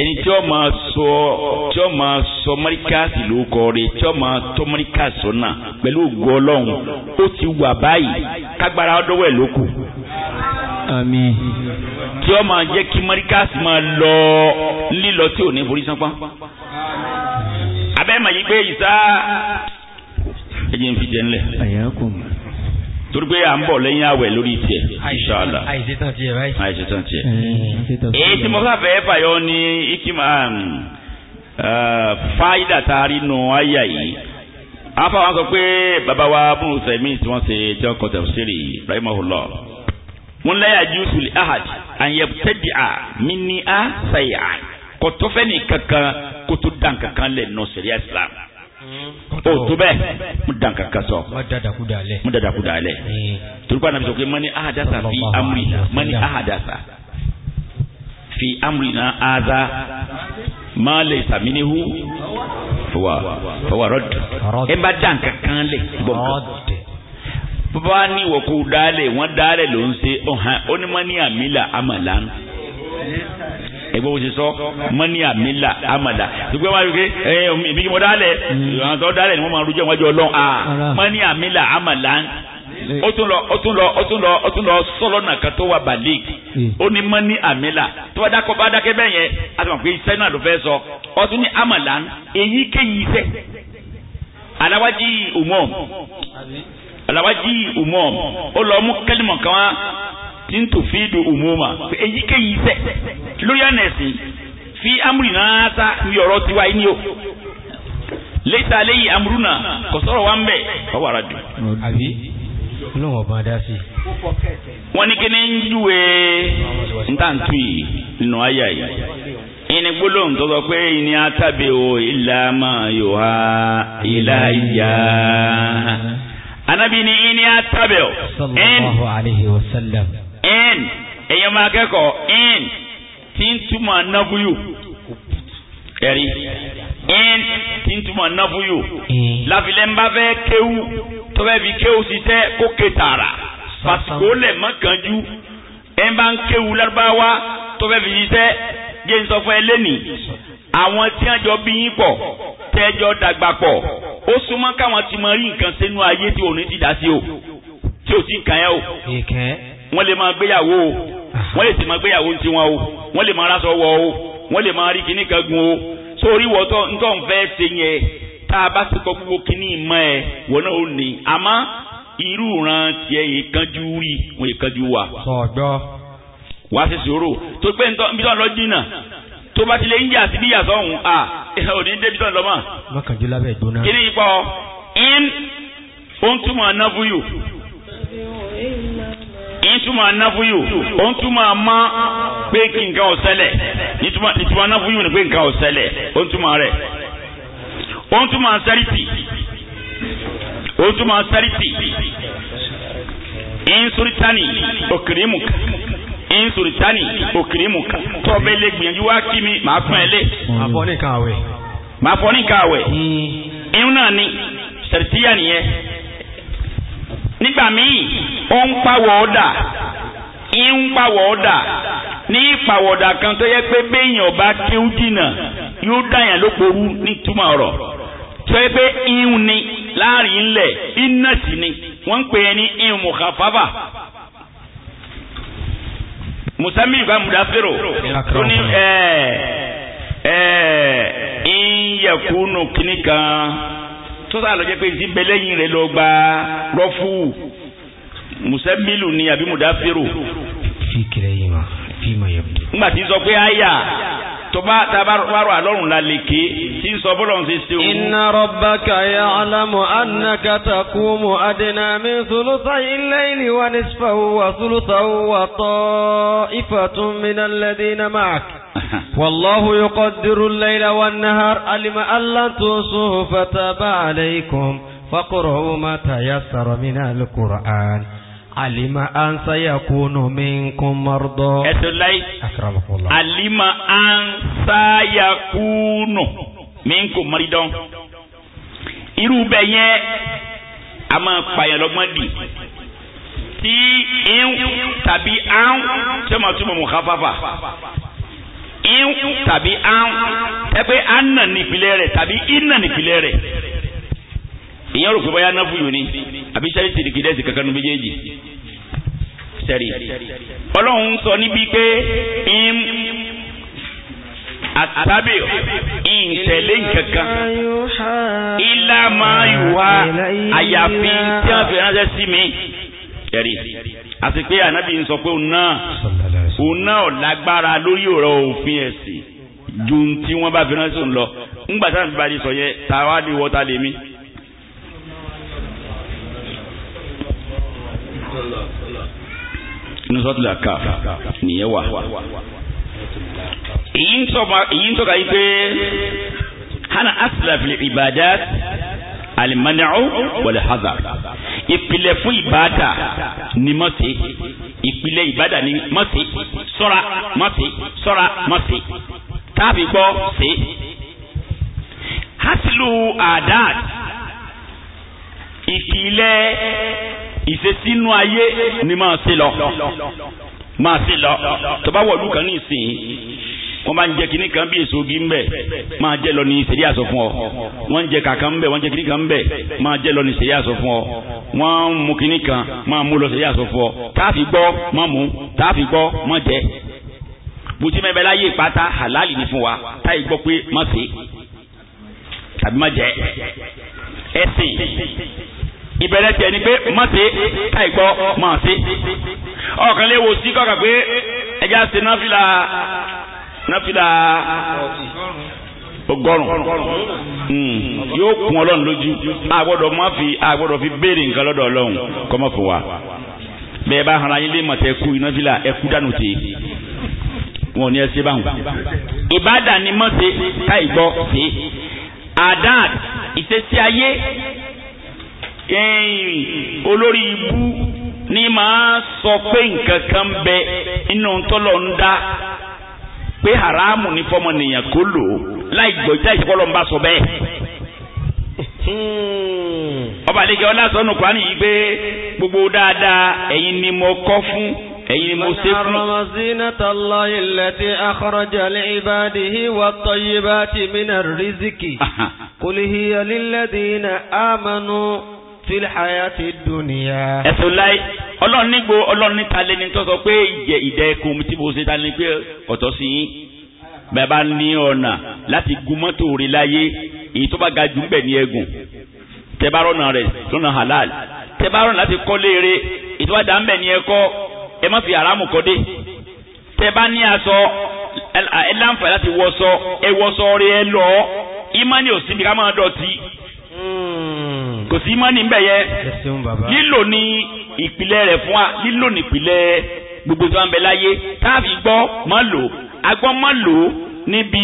ẹni tí ó máa sọ tí ó máa sọ mọ́ríkàsì ló kọ rẹ tí ó máa tọ́ mọ́ríkàsì sọ́nà pẹ̀lú ògùn ọlọ́run ó ti wà báyìí kágbára ọdọ́wọ́ ẹ̀ ló kù. tí ó máa jẹ́ kí mọ́ríkàsì máa lọ lílọ tí ò ní forí sánpá. abẹ́ màyí pé ìsá ẹ̀jẹ̀ ń fi jẹ́ ńlẹ̀. torí pé à ń bọ̀ lẹ́yìn àwẹ̀ lórí tiẹ̀ inṣàlá àìṣetán tiẹ̀ báyìí àìṣetán tiẹ̀. èyí tí mo fàfẹ́ fàyọ ní ikima um, uh, fáyidà tá a rí nu àyà yìí afa wọn sọ pé bàbá wa bùnú sẹmí tí wọn ṣe jẹ ọkọ tẹfsiri lẹ́yà ahad à mí ní à kò tó fẹ́ ní kankan kó tó dàn kankan lẹ̀ nù islam. o oh, tó bẹ́ẹ̀ mo dàn kankan sọ mo dadaku dalẹ̀ eh. turuba nàbẹ sọ pé mani ahadasa fi amri mani ahadasa fi amri na aza ma lè sàmínihù fọwà fọwà rọdù ẹ bá dàn kankan lẹ gbọmọ bàbá ní ìwọ kò dalẹ̀ wọn dalẹ̀ ló ń ẹgbẹ́ wo ṣe sọ mọ́ni àmìlà àmàlà ṣùgbọ́n wáyé pé ẹ mi kí mo dálẹ̀ àwọn tó dálẹ̀ ni wọ́n máa rújọ́ iwájú ọlọ́run à mọ́ni àmìlà àmàlà ó tún lọ ó tún lọ ó tún lọ ó tún lọ sọ́lọ́ náà kan tó wà balik ó ní mọ́ni àmìlà tó bá dákọ́ bá dákẹ́ bẹ́ẹ̀ yẹn a ti mọ̀ pé iṣẹ́ náà ló fẹ́ sọ ó tún ní àmàlà èyíkéyìí iṣẹ́ aláwájí umom aláwájí umom ó lọ mú kẹ́límọ̀ kan wá tí feed tò fi dùn loyalness, fi amúrì náà ta ní tiwa yìí ni o lẹ́tà lẹ́yìn amúrúnà kò sọ̀rọ̀ wa ń bẹ̀ ọwọ́ ara dùn. àbí inú wọn bá dá sí i. wọ́n ní kí ni ń júwe ntàntù yìí nínú àyà gbólóhùn tó sọ pé ìní atábì o ìlàmà yòhá ìlàyà anábì ní ìní atábì o. sallallahu alayhi wa sallam n ẹ̀yẹ́ máa kẹ́kọ̀ọ́ n tí ń túmọ̀ nábúyù ẹ̀rí n tí ń túmọ̀ nábúyù láfilẹ̀ ń bá fẹ́ kéwù tó fẹ́ fi kéwù sí tẹ́ kó ké tààrà pàṣípò lẹ̀ mọ́kànjú ẹ̀ ń bá ń kéwù lárúbáwá tó fẹ́ fi ṣiṣẹ́ jẹ́ ń sọ fún ẹ lẹ́nìí àwọn tí wọ́n jọ bí yín pọ̀ tẹ́jọ́ dàgbà pọ̀ ó súnmọ́ káwọn ti mọ rí nǹkan sínú ayé tí òun ti dá sí o tí ò sí nǹkan yẹn o wọ́n lè máa gbéyàwó o wọ́n lè sì máa gbéyàwó ti wọn o wọ́n lè máa ráṣọ wọ o wọ́n lè máa rí kíní kan gun o sórí wọ́n tó ń tó ń fẹ́ ṣe yẹn tá a bá ti kọ́ gbogbo kíní ìmọ̀ ẹ̀ wọ́n náà ò ní àmọ́ irú ìran tiẹ̀ ìkanjú rí wọn ìkanjú wà. sọ̀gbọ́. wá sí sòrò tó pé níbi tó ń lọ jìnnà tó bá ti ń yà sí bí yàtọ̀ ọ̀hún à òní débi tó ń lọ ìtumọ̀ anáfúyù ó ń túmọ̀ má pé kí nituma ọ̀sẹ̀lẹ̀ ìtumọ̀ anáfúyù ni pé nǹkan ọ̀sẹ̀lẹ̀ ó ń túmọ̀ rẹ̀ ó ń túmọ̀ sẹ́rìtì ó ń túmọ̀ sẹ́rìtì insuritani okirimuka insuritani okirimuka tọ́bẹ̀ lè gbìyànjú wá kí mi màá fún ẹ lé. màá fọ́ ní kàwé. màá fọ́ ní kàwé. irun náà ni sẹ̀rìtìyà nígbà míì ó ń pàwọ̀ọ́dà ń pàwọ̀ọ́dà ní ìpàwọ̀dà kan tó yẹ pé béèyàn bá kéwú jìnnà yóò dàyàn lóporú nítumọ̀ ọ̀rọ̀ tó yẹ pé ihun ni láàrin ńlẹ̀ iná sì ni wọ́n ń pè é ní ihun mùkàfàfà musami ìgbà mudafiro ó ní tó sáà lọ jẹ́ pé ti bẹ́lẹ́yìn rẹ̀ lọ gba rọ́fù mùsẹ́mílù ni àbí mùdáfírò. fi kìlẹ̀ yìí wá fi mọ̀ yẹ. nígbà tí sọ pé àyà tọba tabarọ alọrun la leke tí ń sọ bọ́lọ̀ ń ṣe ṣe òun. inna rabbaka ya'lamu annaka taqumu adna min thuluthayi al-layli wa nisfahu wa thuluthahu wa ta'ifatun min alladhina ma'aka. والله يقدر الليل والنهار علم أن لن تنصوه فتاب عليكم فقرؤوا ما تيسر من القرآن علم أن سيكون منكم مرضى أكرمكم الله علم أن سيكون منكم مرضى irú bẹ yẹn a máa pààyàn lọ́gbọ́n dì tí in tàbí an tí wọ́n máa túmọ̀ mọ̀ káfáfà in tàbí an ẹgbẹ́ anna nípìnlẹ̀ rẹ̀ tàbí inna nípìnlẹ̀ rẹ̀ ìyẹn rò pé báyà náà fún yòó ni àbí sẹ́rí ti dìgídẹ́ sí kankan nu méjèèjì sẹ́rí ọlọ́run sọ níbi pé in àtàbí ìtẹ̀lé nkankan ilá máa yùwá àyàfi tí wọ́n fi ránṣẹ́ sí mi sẹ́rí àti pé ànábì ń sọ pé òun náà òun náà lágbára lórí ọ̀rọ̀ òfin ẹ̀sìn ju tí wọ́n bá fi ránṣẹ́ òun lọ ńgbà táwọn fi bá sọ yẹ tàwa ni wọ́n ta lèmi. nusọtula ka nìyẹn wa èyí ń tọ́ka yìí pé hana asila ibadat alimani'u wal hazar ìpìlẹ̀ fún ìbáàdà ni mọ̀sẹ̀ ìpìlẹ̀ ìbáàdà ni mọ̀sẹ̀ sọ́ra mọ̀sẹ̀ sọ́ra mọ̀sẹ̀ táàbì gbọ́ sí. hasilu adad ìpìlẹ̀ ìṣesínú ayé ni máa ṣe lọ máa ṣe lọ tó bá wọ̀lú kan ní ìsìn wọ́n máa ń jẹ kínní kan bí èso gi ńbẹ máa jẹ lọ ní ìṣèlú àṣọ fún ọ wọ́n ń jẹ kàkan ńbẹ wọ́n ń jẹ kínní kan ńbẹ máa jẹ lọ ní ìṣèlú àṣọ fún ọ wọ́n ń mu kínní kan máa mú lọ ìṣèlú àṣọ fún ọ táàfì gbọ́ má mú táàfì gbọ́ má jẹ bùtí mẹ́bẹ́ láyé ìpátá halali ni fún wa táyì gbọ́ pé má ṣe tàbí má jẹ ẹ̀sìn ìbẹ̀rẹ̀ tiẹ̀ ni pé má ṣe táyì gbọ́ má ṣe ọ̀kan léwo sí kọ́kà náfìlà ọgọ́rùn hmm. yóò kún ọlọ́run lójú àgbọ́dọ̀ má fi àgbọ́dọ̀ fi béèrè nǹkan lọ́dọ̀ ọlọ́run kọ́mọ́ fún wa bẹ́ẹ̀ bá hàn ayé lè mọ̀ tẹ́ kú iná fìlà ẹ̀kú dànù tè wọn ò ní ẹsẹ̀ báwọn. ìbádà ni mọ̀ káì gbọ́ ṣe àdáàd ìṣesí ayé olórí ibú ni màá sọ pé nǹkan kan bẹ inú tọ́lọ̀ ń dá pé haramu ní fọmọnìyàn kó lò ó láì gbọ́ ìjà ìṣẹ́kọ́lọ́ ń bá sọ bẹ́ẹ̀. Hmm. ọba àlejò ọlásọ̀nù kwani yìí pé gbogbo dáadáa ẹ̀yin ni mo kọ́ fún ẹ̀yin ni mo ṣe fún. harrama zinata Allahi allati akhraja li ibadihi wat-tayyibati minar rizqi. qul hiya lilladhina amanu fil hayati dunya. ẹ̀sùn láì ọlọ́run nígbò ọlọ́run níta lẹ́ni tó sọ pé ìjẹ ìdẹ kùn tí mo ṣe ta ni pé ọ̀tọ̀ sí yín bàbá ní ọ̀nà láti gun mọ́tò rẹ̀ láyé èyí tó bá ga jù ń bẹ̀ ní ẹ̀gùn tẹ́bárọ̀nà rẹ̀ lọ́nà halal tẹ́bárọ̀nà láti kọ́ léere èyí tó bá dà ń bẹ̀ ní ẹ̀kọ́ ẹ má fi àrámù kọ́ dé tẹ́bá ní aṣọ ẹ láǹfà láti wọṣọ ẹ wọṣọ rẹ̀ lọ ìmánì òsínbi ká máa dọ̀tí Hmm. kò sí mọ́ni ń bẹ̀ lílò ní ìpìlẹ̀ rẹ̀ fún wa lílò ní ìpìlẹ̀ gbogbo tó ń bẹ láyé káàfi gbọ́ mọ́ lò agbọ́ mọ́ lò níbi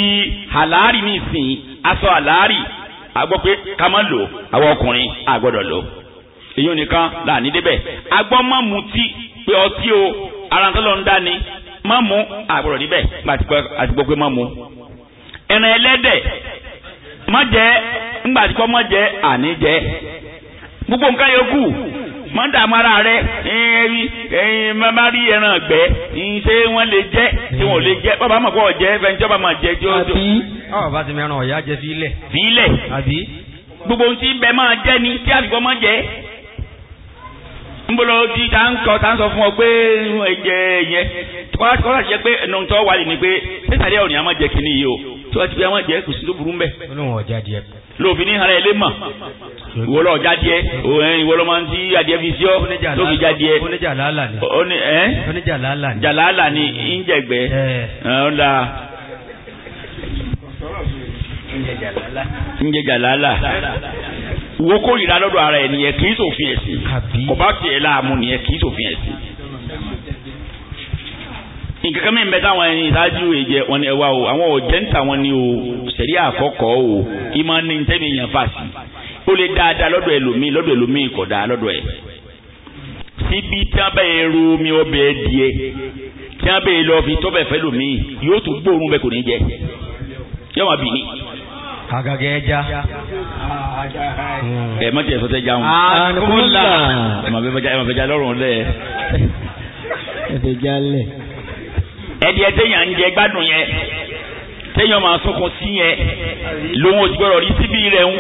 ní ìsìn, aṣọ àlàárì agbọ́ pé ká mọ́ lò àwọn ọkùnrin àgbọ́dọ̀ lò èyí ò nìkan là ní débẹ̀ agbọ́ mọ́ tí pé ọtí o ara tó lọ ń dání, ni mọ́ mu àgbọ̀rọ̀ níbẹ̀ àti gbọ́ pé mọ́ mu ẹran ẹlẹ́dẹ̀ má jẹ ńgbà tí jẹ àní jẹ gbogbo nǹkan yòókù má rẹ ẹyìn ẹyìn má rí ẹran gbẹ ṣé wọn lè lè jẹ bàbá mọ̀ kọ́ jẹ fẹ́ni jẹ tí ó bá ti mẹ́ràn ọ̀yá jẹ fílẹ̀. fílẹ̀ àbí. gbogbo ohun tí bẹ́ẹ̀ máa nbolo ti ta ń kọ ta ń sọ fún ọ pé ẹ̀jẹ̀ yẹn kọ́lá kọ́lá ti jẹ́ pé ẹnu tó wà lè ní pé sísàlẹ̀ ọ̀nì àmọ́ jẹ́ kínní yìí o tí wọ́n ti fi àmọ́ jẹ́ kò sí tó burú mbẹ́. lófin ní ara ẹlẹ́mọ̀ ìwọ lọ jáde òun ìwọ lọ máa ń ti adìẹ fi sí ọ tó fi jáde. oníjà làálà oníjà làálà ni. jàlàálà ni ń jẹ̀gbẹ́. ọ̀la. ń jẹ wo kórìíra lọ́dọ̀ ara ẹ̀ nìyẹn kì í sòfin ẹ̀sìn kò bá tiẹ̀ láàmú nìyẹn kì í sòfin ẹ̀sìn. nǹkan kan mẹ́rin bẹ́ẹ̀ táwọn ẹni ìdájú ìjẹ wọn ni ẹ wá o àwọn ọ̀jẹ́ ń ta wọn ni o sẹ̀rí àkọ́kọ́ o ìmọ̀ ní tẹ́mi yẹn fà sí ó lè dáadáa lọ́dọ̀ ẹlòmíì lọ́dọ̀ ẹlòmíì kò dáa lọ́dọ̀ ẹ̀. síbi tí wọ́n bẹ̀ yẹn ru omi ọbẹ̀ díẹ̀ tí wọ́n bẹ̀ yẹn lọ fi tọ́bẹ̀ fẹ́ lòmíì yóò tún gbóòórùn bẹ́ẹ̀ kò ní jẹ agaghị ẹja. Hmm. ẹ má tiẹ̀ sọ́tẹ́ já wọn. ànkúlà ẹ má fẹ́ já lọ́rùn lẹ̀. ẹ fẹ́ já lẹ̀. ẹdí ẹ téèyàn ń jẹ gbádùn yẹn téèyàn máa sọkàn sí yẹn lòun ò gbọ́dọ̀ rí síbi rẹ̀ ń.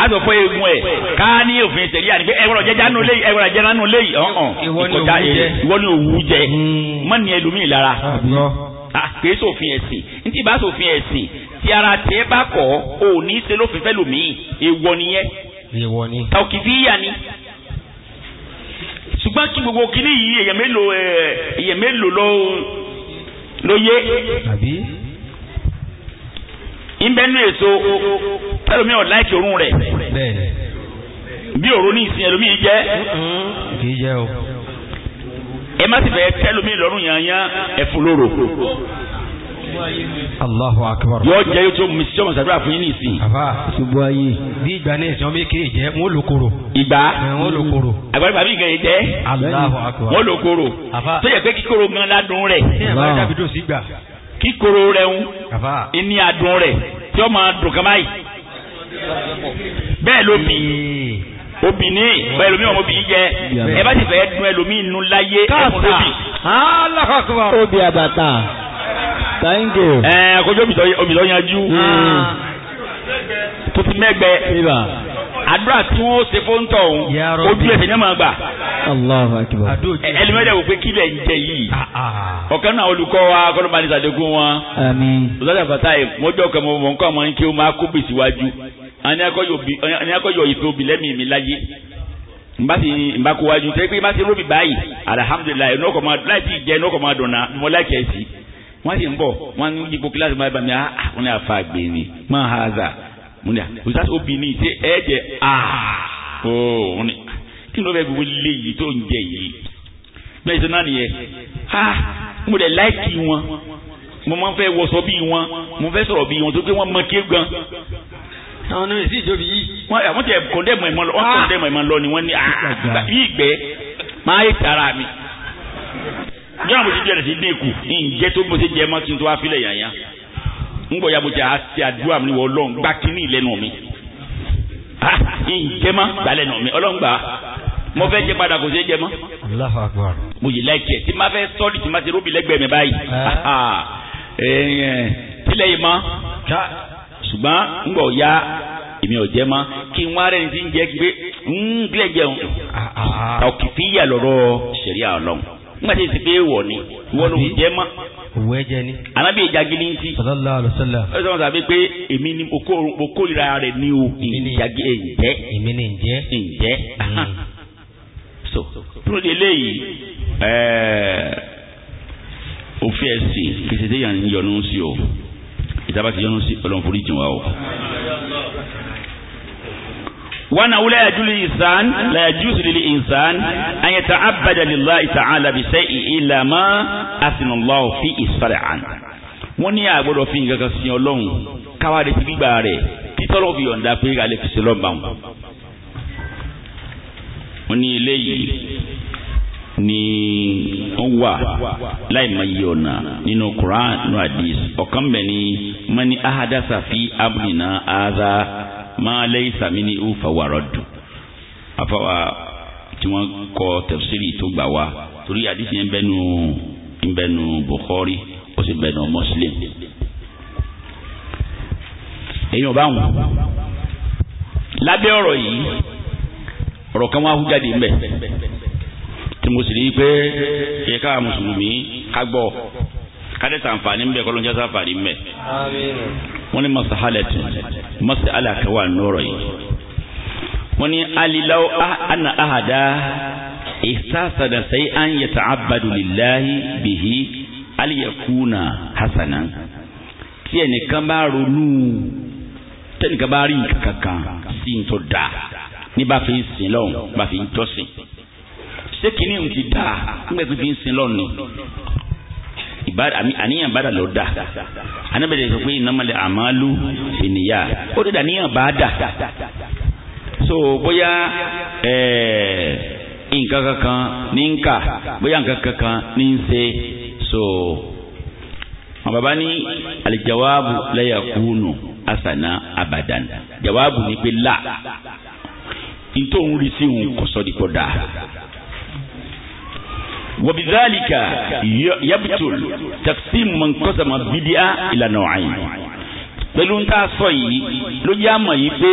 a sọ fún eegun ẹ ká ní òfin ìṣẹ̀lẹ̀ àti pé ẹgbẹ́rún jẹ́jà nù léyìí ẹgbẹ́rún jẹ́jà nù léyìí ọ̀hún ìkọjá ìwọ ni òwú jẹ hmm. mọ́ni ẹlòmíì lára. Ah, kìí sòfin ẹ̀sìn ntí bá sòfin ẹ̀sìn tí ara tiẹ̀ bá kọ̀ ọ́ ò ní ṣe lófin fẹ́ lòmíì èèwọ̀ nìyẹn. èèwọ̀ ni. tàòkì fi yíyà ni. ṣùgbọ́n kí gbogbo kínní yìí èèyàn mélòó èèyàn mélòó ló ló yé. àbí. ìbẹ́nu èso ẹlòmíì ò láìkì òórùn rẹ̀. bẹ́ẹ̀ ni. bí òórùn ní ìsìn ẹlòmíì jẹ́. kì í jẹ́ o ẹ má sì fẹ́ tẹ́lómi lọ́rùn yanyan ẹ̀fún lóró. Allahu akbar. Yóò jẹ́ yóò tó mi sí ọmọ sàdúrà fún yín nìsín. Àbá ṣubú ayé. Bí ìgbà náà ìṣàn mi kéè jẹ́, wọ́n lò koro. Ìgbà. Wọ́n lò koro. Àgbàlagbà mi gan jẹ́. Allahu akbar. Wọ́n lò koro. Àbá. Tó yẹ pé kíkoro gan ládùn rẹ̀. Ṣé ẹ̀ máa dábìdó sí gbà? Kíkoro rẹ̀ ń. Àbá. Ìní adùn rẹ̀ tí ó máa dùn kama yìí. Bẹ́ẹ̀ ló bí obìnrin bá ẹlòmíì ọmọ obìnrin jẹ ẹ bá ti fẹ́ dun ẹlòmíì nù láyé ẹkùn lóbì. alákọ̀ọ́kọ́. obì àbàtà thank you. ẹ kojú omi tó yanjú hmm. tó ti mẹ́gbẹ́ àdúrà tí wọ́n ṣe fún tọ̀ ọ̀hún ojú ẹ̀sẹ̀ ní ọmọ àgbà. Allahu akbar. ẹlẹ́mẹ̀dẹ̀ wò pé kí lẹ̀ ń jẹ yìí. Ah, ah. ọ̀kan náà olùkọ́ wa kọ́nùbánidàdégún wọn. àmín. ọ̀sán àfàtà yìí mọ́jọ́ kan mọ̀ mọ̀ nǹkan mọ̀ ní kí ó máa kó bèsè wájú ani akọ yọ ìfẹ́ obì lẹ́mìí mi láyé nba ti nba ko wájú tẹ́ pé bá ti róbì báyìí alihamudulilayi ní ọkọ̀ máa láì ti jẹ́ ní ọkọ̀ máa dùn náà mo láìkẹ́ ẹ̀ sí wọ́n ti ń bọ̀ wọ́n ń yípo kíláàsì máa bá mi ah, ah wọ́n ní afa gbèrè máa ha za mo ní à òṣìṣẹ́ obì ní ṣé ẹ jẹ ah ooo wọ́n ní kí ni wọ́n gbogbo lé yìí tó ń jẹ yìí bẹ́ẹ̀ sọ náà nìyẹn ah mo dẹ̀ láìkì wọn mo máa ń fẹ́ wọṣọ wọn mo fẹ́ sọ̀rọ̀ bí wọn tó pé wọ́n mọ ké gan àwọn ní èsì ìjọbi yìí. wọn àwọn tẹ kò dẹ́ mọ̀ ẹ̀ mọ̀ lọ wọn kò ah! dẹ́ mọ̀ ẹ̀ mọ̀ lọ ni wọ́n ní yí ah, ìgbẹ́ máa yé tara mi. bí àwọn ti jẹ́rìí sí dẹ́kù ǹjẹ́ tó bó ṣe jẹ́ mọ́ kí n tó wá filẹ̀ yàyà. ń gbọ́ ya mo jẹ́ àti àdúrà mi wọ ọlọ́run gbá kínní ìlẹ́nu mi. ǹjẹ́ mọ́ gbalẹ̀ nù mi ọlọ́run gbà mo fẹ́ jẹ padà kò ṣe jẹ mọ́. mo yìí láì tiẹ̀ tí ma fẹ́ sọ́ọ̀lì tí ma ti róbi lẹ́gbẹ̀ẹ́ mi báyìí. tilẹ̀ eh. eh, eh. yìí mọ́ ṣùgbọ́n ńgbọ̀ ya èmi ò jẹ́ mọ́ kí n wá rẹ̀ ní ti ń jẹ́ gbé ń gbé jẹun ọ̀kì ah, ah, ah. fi yà lọ́rọ́ ṣẹ̀rí àlọ́ nígbà tí èsì pé wọ̀ ni wọ́n ló ń jẹ́ mọ́. òwò ẹ̀jẹ̀ ni. anábì ìjagili ti. sallallahu alaihi wasallam. ó sọ sàbí pé èmi ni mo kórira rẹ̀ o ìjagili ǹjẹ́. èmi ni ǹjẹ́. ǹjẹ́ so dúró de eléyìí eh, òfin ẹ̀sìn kìsìtẹ́yà ń yọnu sí o ìtaba ti yọnu sí ọlọ́run forí jìn wá o. wọn àwọn láyàjú lè ìsàn láyàjú sì lè ìsàn àyẹ̀tà abàdàlélá ta'ala bi shay'in illa ma asinallahu fi ìsàlẹ̀ àn. wọ́n ní àgbọ̀dọ̀ fi nǹkan kan sin ọlọ́run káwá ti gbígbà rẹ̀ títọ́rọ̀ fi yọ̀ǹda pé alẹ́ fi ṣe lọ́ọ̀bà wọn. wọ́n ní eléyìí ni ó wà láìmọye ọ̀nà nínú Quran nínú hadith ọ̀kan bẹ̀ ni mani ahadasa fi abdina aza máa lẹ́yìn sàmínì ufa wàrọ̀dù àfọwà tí wọ́n kọ tafsiri tó gbà wá torí hadith yẹn bẹ́nu bẹ́nu Bukhari ó sì bẹ́nu Muslim èèyàn bá wọn lábẹ́ ọ̀rọ̀ yìí ọ̀rọ̀ kan wá hú jáde mbẹ́ tí mo sì rí i pé yẹ ká mùsùlùmí ká gbọ́ kádé sàǹfààní ń bẹ kọ́ ló ń jẹ́ sàǹfààní ń bẹ. wọ́n ní masahalẹ̀tì masala kawa nọ́ọ̀rọ̀ yìí. wọ́n ní alilawo ana ahada ihtasada sai an yata'abbadu lillahi bihi aliyakuna hasanan. tí ẹnìkan bá ronú tẹnìkan bá rí nǹkan kankan sí ní tó dáa ní bá fi ń sìn lọ́hùn bá fi ń tọ́sìn ṣé kìíní ń ti dáa nígbà tó fi ń sin lọ́nà àníyàn bá dà ló dà anábẹ̀rẹ̀ sọ pé ìnámalẹ̀ àmàlú ènìyà ó dé dàníyàn bá dà so bóyá nǹkan kankan ní ń kà bóyá nǹkan kankan ní ń ṣe so àwọn baba ní alijawabu layakunu asana abadan jawabu ni pé la ntòun rí sí òun kò sọ́ di kó dáa wabidhalika yabutul taksim mankosama bidia ìlànà ọ̀hìn pẹ̀lú ń tà sọ yìí ló jẹ́ àmọ̀ yìí pé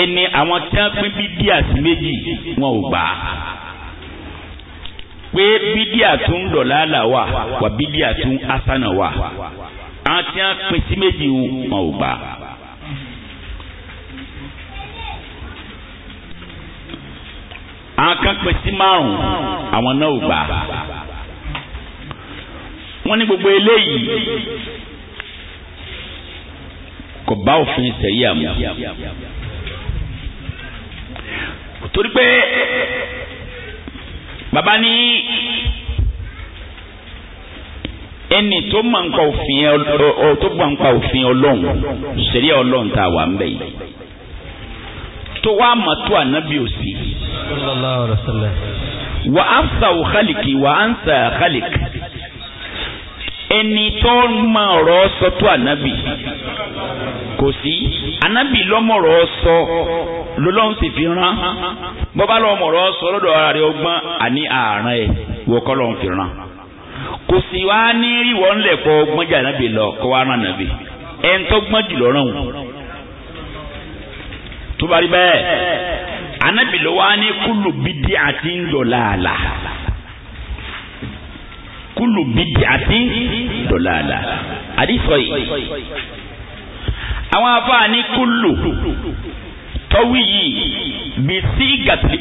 ẹni àwọn tí wọ́n pín bídíà sí méjì wọn ò gbà á pé bídíà tún dọ̀làlà wà wà bídíà tún asánà wà àwọn tí wọ́n pín sí méjì wọn ò gbà á. àwọn kan pè sí márùn àwọn náà ò gbà wọ́n ní gbogbo eléyìí kò bá òfin sẹ́yí àmú torí pé bàbá ní ẹni tó mọ̀ nípa òfin ọlọ́run sẹ́yí ọlọ́run tá a wà ń bẹ̀ yìí tó wá mà tó ànábì òsì. wà á sa ò xalìkì wà á ń sa xalìkì ẹni tó máa ọ̀rọ̀ sọ tó ànábì kò sí ànábì lọ́mọ̀rọ̀ sọ lọ́lọ́run sì fi rán bọ́bá lọ́mọ̀rọ̀ sọ lọ́dọ̀ ara rẹ̀ ọgbọ́n àní ààrùn ẹ̀ wọ́kọ́ lọ́run fi rán kò sì wá ní rí wọ́n lẹ̀ pọ̀ gbọ́njà ànábì lọ kọ́ wá rán ànábì ẹ̀ ń tọ́gbọ́n jùlọ rán wọn tó bá rí bẹ́ẹ̀ anabi ló wá ní kúlù bídí àti ńlọláàlà kúlù bídí àti ńlọláàlà àdìsọ yìí àwọn afáà ní kúlù tọ́wí yìí bí sí gàtìlì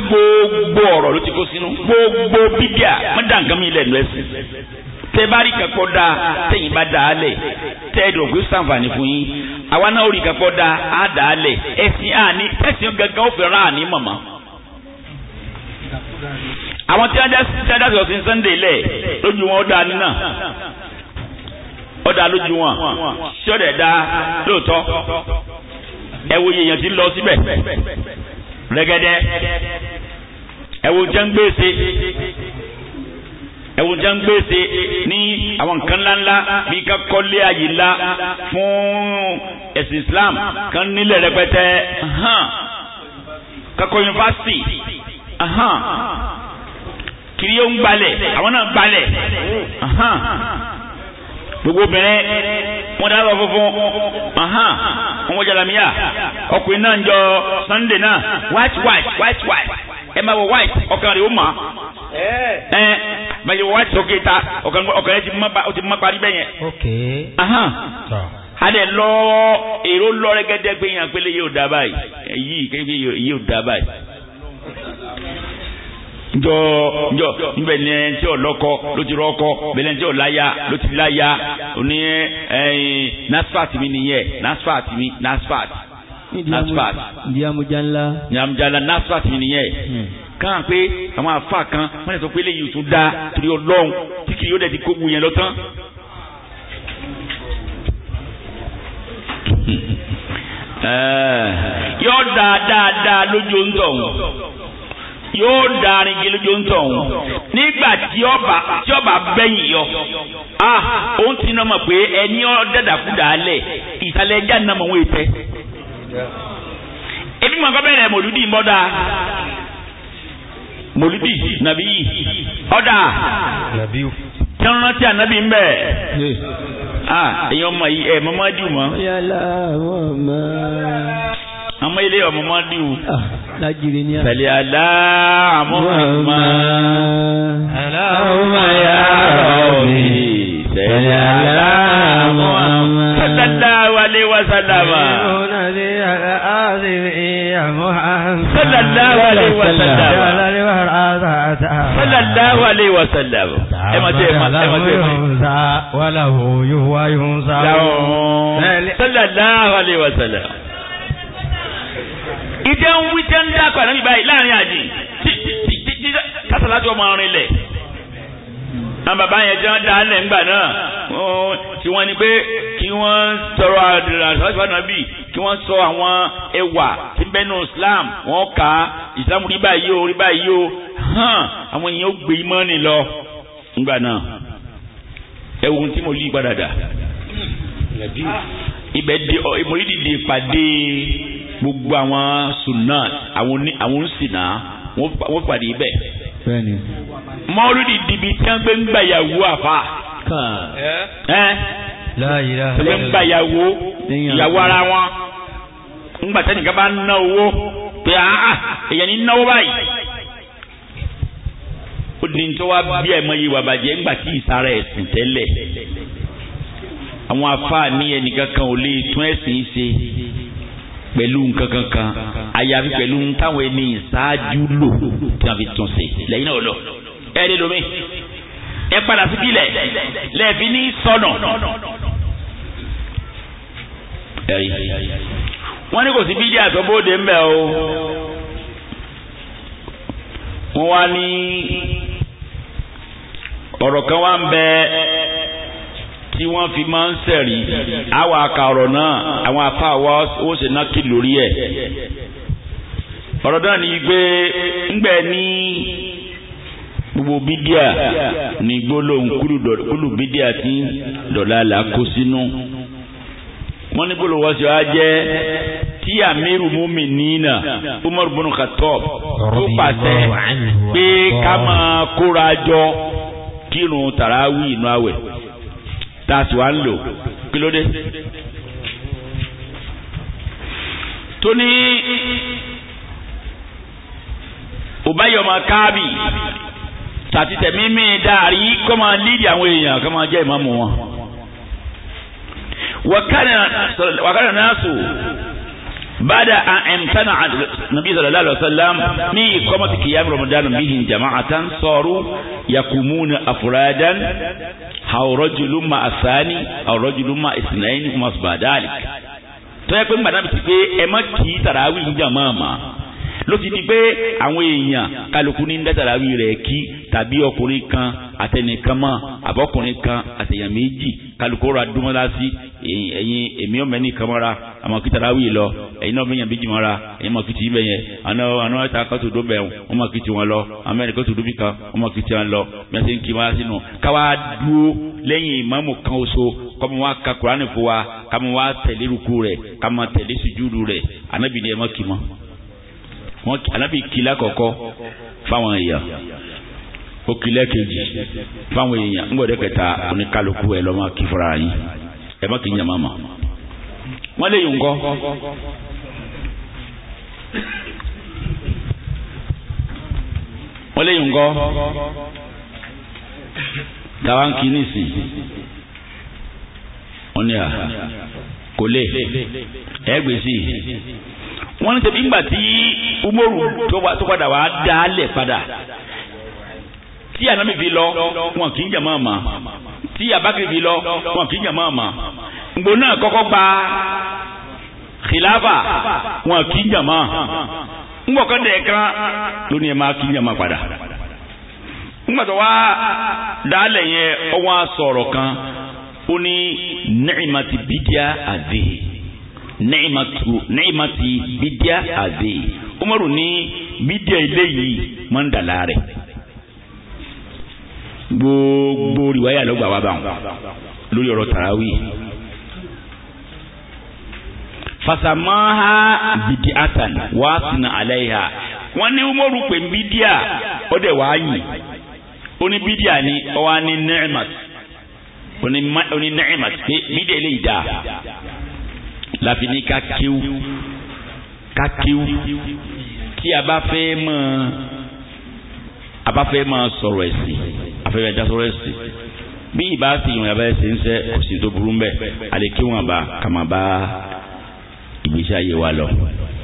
gbogbo ọ̀rọ̀ ló ti kó sínú gbogbo bídíà mọ́dà nǹkan mi lẹ́nu tẹ bá rí kankan da tẹ̀yin bá dà á lẹ̀ tẹ ẹ dọ̀gbé sànfàní fún yín àwa náà rí kankan da á dà á lẹ̀ ẹ̀sìn àní ẹ̀sìn gangan ó fi ra àní mọ̀mọ́. àwọn tí wọ́n dá sọ̀rọ̀ sí sunday lẹ̀ lójú wọn ó dá ní ó dá lójú wọn ṣé ó dẹ̀ lóòótọ́ ẹ wo yèèyàn ti lọ síbẹ̀ rẹ́gẹ́dẹ́ ẹ wo jẹ́ ń gbèsè ẹ̀wọ̀n jẹ́ ń pèsè ní àwọn nǹkan ńláńlá bí ká kọ́lé àyè ńlá fún ẹ̀sìn Islam kan nílẹ̀ rẹpẹtẹ kakọ yunifásitì kiri yóò ń gbalẹ̀ àwọn náà gbalẹ̀ gbogbo obìnrin wọn dára funfun wọn wọ jalamiya ọkùnrin náà ń jọ Sunday náà white white white white. ẹ wọ white ọkàn rẹ̀ ó mà ẹ bẹ́ẹ̀ yẹ white sókè ta ọkàn rẹ̀ ti mọ́ parí bẹ́yẹn. ok adẹ lọ èrò lọrẹ gẹdẹ pé pélé yóò dá báyìí èyí yóò dá báyìí njọ njọ tí ló ti tí ló ti nasfat mi nìyẹn nasfat mi nasfat NASFAT ndiamujala ndiamujala NASFAT nìyẹn eh. hmm. kàn pé àwọn afa kan wọn lè sọ pé eléyìí tún dá torí Ọlọ́run tí kì yóò dẹ̀ ti kógun yẹn lọ tán. Eh, yóò dá dáadáa lójú ń tọ̀hún yóò darin gelójó ń tọ̀ ọ́n nígbà tí ọba tí ọba bẹ́yìn yọ ah òun ti nà mọ̀ pé ẹni ọ́ dàdàkúdà alẹ̀ ìsàlẹ̀ ẹja nà mọ̀ wọ́n ètẹ́ ebi mọ̀ nǹkan bẹ̀rẹ̀ mòlúdì ń bọ́dà nabi nàbí ọ̀dà tí wọ́n rántí ànábì ń bẹ̀ èèyàn ah, mọ̀ yìí ẹ̀ mọ́mọ́dù àmọ́ ilé ọmọ máa ah, ń díwò. lájìrì ni a. tẹ̀lé àlá àmọ́ àmọ́ aláwọ̀ ya ọ̀bì tẹ̀lé àlá àmọ́ àmọ́. sallallahu alaihi wa sallama. sallallahu alaihi wa sallama. sallallahu alaihi wa sallama. ẹ ma tẹ ma ẹ ma tẹ ma. wàlàhùn sallallahu alaihi wa sallama ìdẹ́ ń wí tẹ́ ń dákọ̀ ànábì báyìí láàrin àjì kásálàjọ máa rin lẹ̀ àwọn bàbá yẹn jẹ́ wọ́n dá lẹ̀ ńgbà náà tí wọ́n ní pé kí wọ́n tọrọ àdìrànṣọ́sọ́ ànábì kí wọ́n sọ àwọn ẹwà tí bẹ́nu Islam wọ́n kà á Islam rí báyìí o rí báyìí o hàn àwọn èèyàn ó gbé imọ́ ni lọ ńgbà náà ẹ̀wọ̀n tí mo lè padà dà ibẹ̀ dé ọ ìmọ̀lídìí dè pàdé gbogbo àwọn sunna àwọn onísìnà wọ́n pàdé bẹ́ẹ̀. bẹ́ẹ̀ni. mọ́lúdì dìbì tí wọ́n gbé ń gbà yàwó àfà. kàn ẹ́ láyìírá ẹ̀ gbé ń gbà yàwó ìyàwó ara wọn ńgbà tẹ́ni ká bá ná owó pé àá ah, ah, èyàn ní náwó báyìí. ó di nítorí wá bí ẹ̀ mọ iye wà bàjẹ́ ńgbà tí ìsara ẹ̀sìn tẹ́lẹ̀ àwọn àfà ní ẹnìkan kan ò lè tún ẹ̀sìn ṣe pẹ̀lú nǹkan kankan àyàfi pẹ̀lú táwọn ẹni ìṣáájú lò tí wọ́n fi tún ṣe lẹ́yìn náà lọ. ẹ lè lomi ẹ padà sí bílẹ̀ lẹ́ẹ̀fi ní sọnà. wọ́n ní kò sí bídí àtọ́bóde ńbẹ̀ o wọ́n wá ní ọ̀rọ̀ kan wá ń bẹ́ẹ̀ tí wọ́n fi máa ń sẹ̀rí àwọn àkàrọ̀ náà àwọn afá wa ó ṣe náà kì lórí ẹ̀. ọ̀rọ̀ náà ni pé ńgbẹ́ ní gbogbo bídíà ní gbólóhùn kúlù bídíà tí dọ̀là là kó sínú. wọ́n ní bólú wọ́n ṣe wá jẹ́ tí amiru mumi nina Umar bin Khattab tó pàṣẹ pé ká máa kóra jọ kírun tàràwí inú àwẹ̀ tá a sì wá ń lò kí ló dé. tó ní ọbáyọmọ káàbì tàti tẹ̀mí mi dáàrí kọ́ máa lídìí àwọn èèyàn kọ́ máa jẹ́ ìmáàmù wọn. wàkàrẹ̀ náà sọ bada an ẹmtana nabi sallallahu alaihi wa sallam mi kọmọti kiyam ramadan bihin jama'atan sọru yakumuna afuradan hawrajulun ma asani hawrajulun ma isnaini umas badalik tọ́yẹ pé mbàdàbí ti pé ẹ má tarawih jama ló ti di pé àwọn èèyàn kálukú ní dátàláwí rẹ̀ kí tàbí ọkùnrin kan àtẹnìkan mọ́ àbọ̀kùnrin kan àtẹ̀yàn méjì kálukú ra dúmọ́lá sí ẹ̀yin èmi ọ̀mẹ́ nìkan mọ́ra àmọ́ kí tàláwí lọ ẹ̀yin náà méjì méjì mọ́ra ẹ̀yin mọ́ kìtì ibẹ̀ yẹn àná àná ẹ̀ta kọ́tù dó bẹ̀ wọ́n mọ́ kìtì wọn lọ amẹ́rin kọ́tù dóbi kan wọ́n mọ́ kìtì wọn lọ bí ń kí wọn sínú káwá dúró lẹ́yìn ìmáàmù kan oṣo kọ́mọ wa ka kuraani fún wa kọ́mọ wa tẹ̀lé ruku rẹ̀ kọ́mọ tẹ̀lé sujudu rẹ̀ anabi ni ẹ wọn alábì kìlá kọ̀kọ́ fáwọn èèyàn ó kìlá kejì fáwọn èèyàn ń gbọ́dọ̀ kẹta oníkálukú ẹ̀ lọ́mọ kí fúnra yín ẹ̀ má kì í yàn má wọ́n lè yùn kọ́. wọ́n lè yùn kọ́ dáwà ń kí nísìn wọ́n ní à kò lè ẹ̀ẹ́gbèsì wọ́n ní ṣebí ńgbà tí umoru tó padà wá dálẹ̀ padà tí anami fi lọ wọn kì í jẹ máa ma tí abakiri fi lọ wọn kì í jẹ máa ma ngbó náà kọ́kọ́ gba khilafa wọn kì í jẹ máa ngbọ̀kọ́ dẹ̀ kan lónìí ẹ̀ máa kì í jẹ máa padà ngbàtọ̀ wá dálẹ̀ yẹn ọwọ́ sọ̀rọ̀ kan ó ní nẹ́ẹ̀mà ti bídíà àdéhìí. nẹ́ẹ̀màtì bídíà àdé umaru ní bídíà ilé yìí máa ń dà láàrẹ̀ gbogbo rìwáyà ló gbà bá wọn lórí ọ̀rọ̀ tàràwì fasamaha bidiatan waasina alayha wọn ní umaru pé bídíà ó dẹ̀ wá yìí ó ní ni ó wá ní nẹ́ẹ̀màtì ó ní nẹ́ẹ̀màtì pé bídíà ilé dáa. láfi ní ká kíw ká kíw tí a bá fẹ́ mọ̀ a bá fẹ́ mọ̀ sọ̀rọ̀ ẹ̀sìn a fẹ́ mọ̀ sọ̀rọ̀ ẹ̀sìn bí ìbá ti yàn yàrá ẹsẹ̀ ń sẹ́ kò sí tó burú ń bẹ̀ àlè kí bá kàmá bá ìgbésí ayé wa lọ.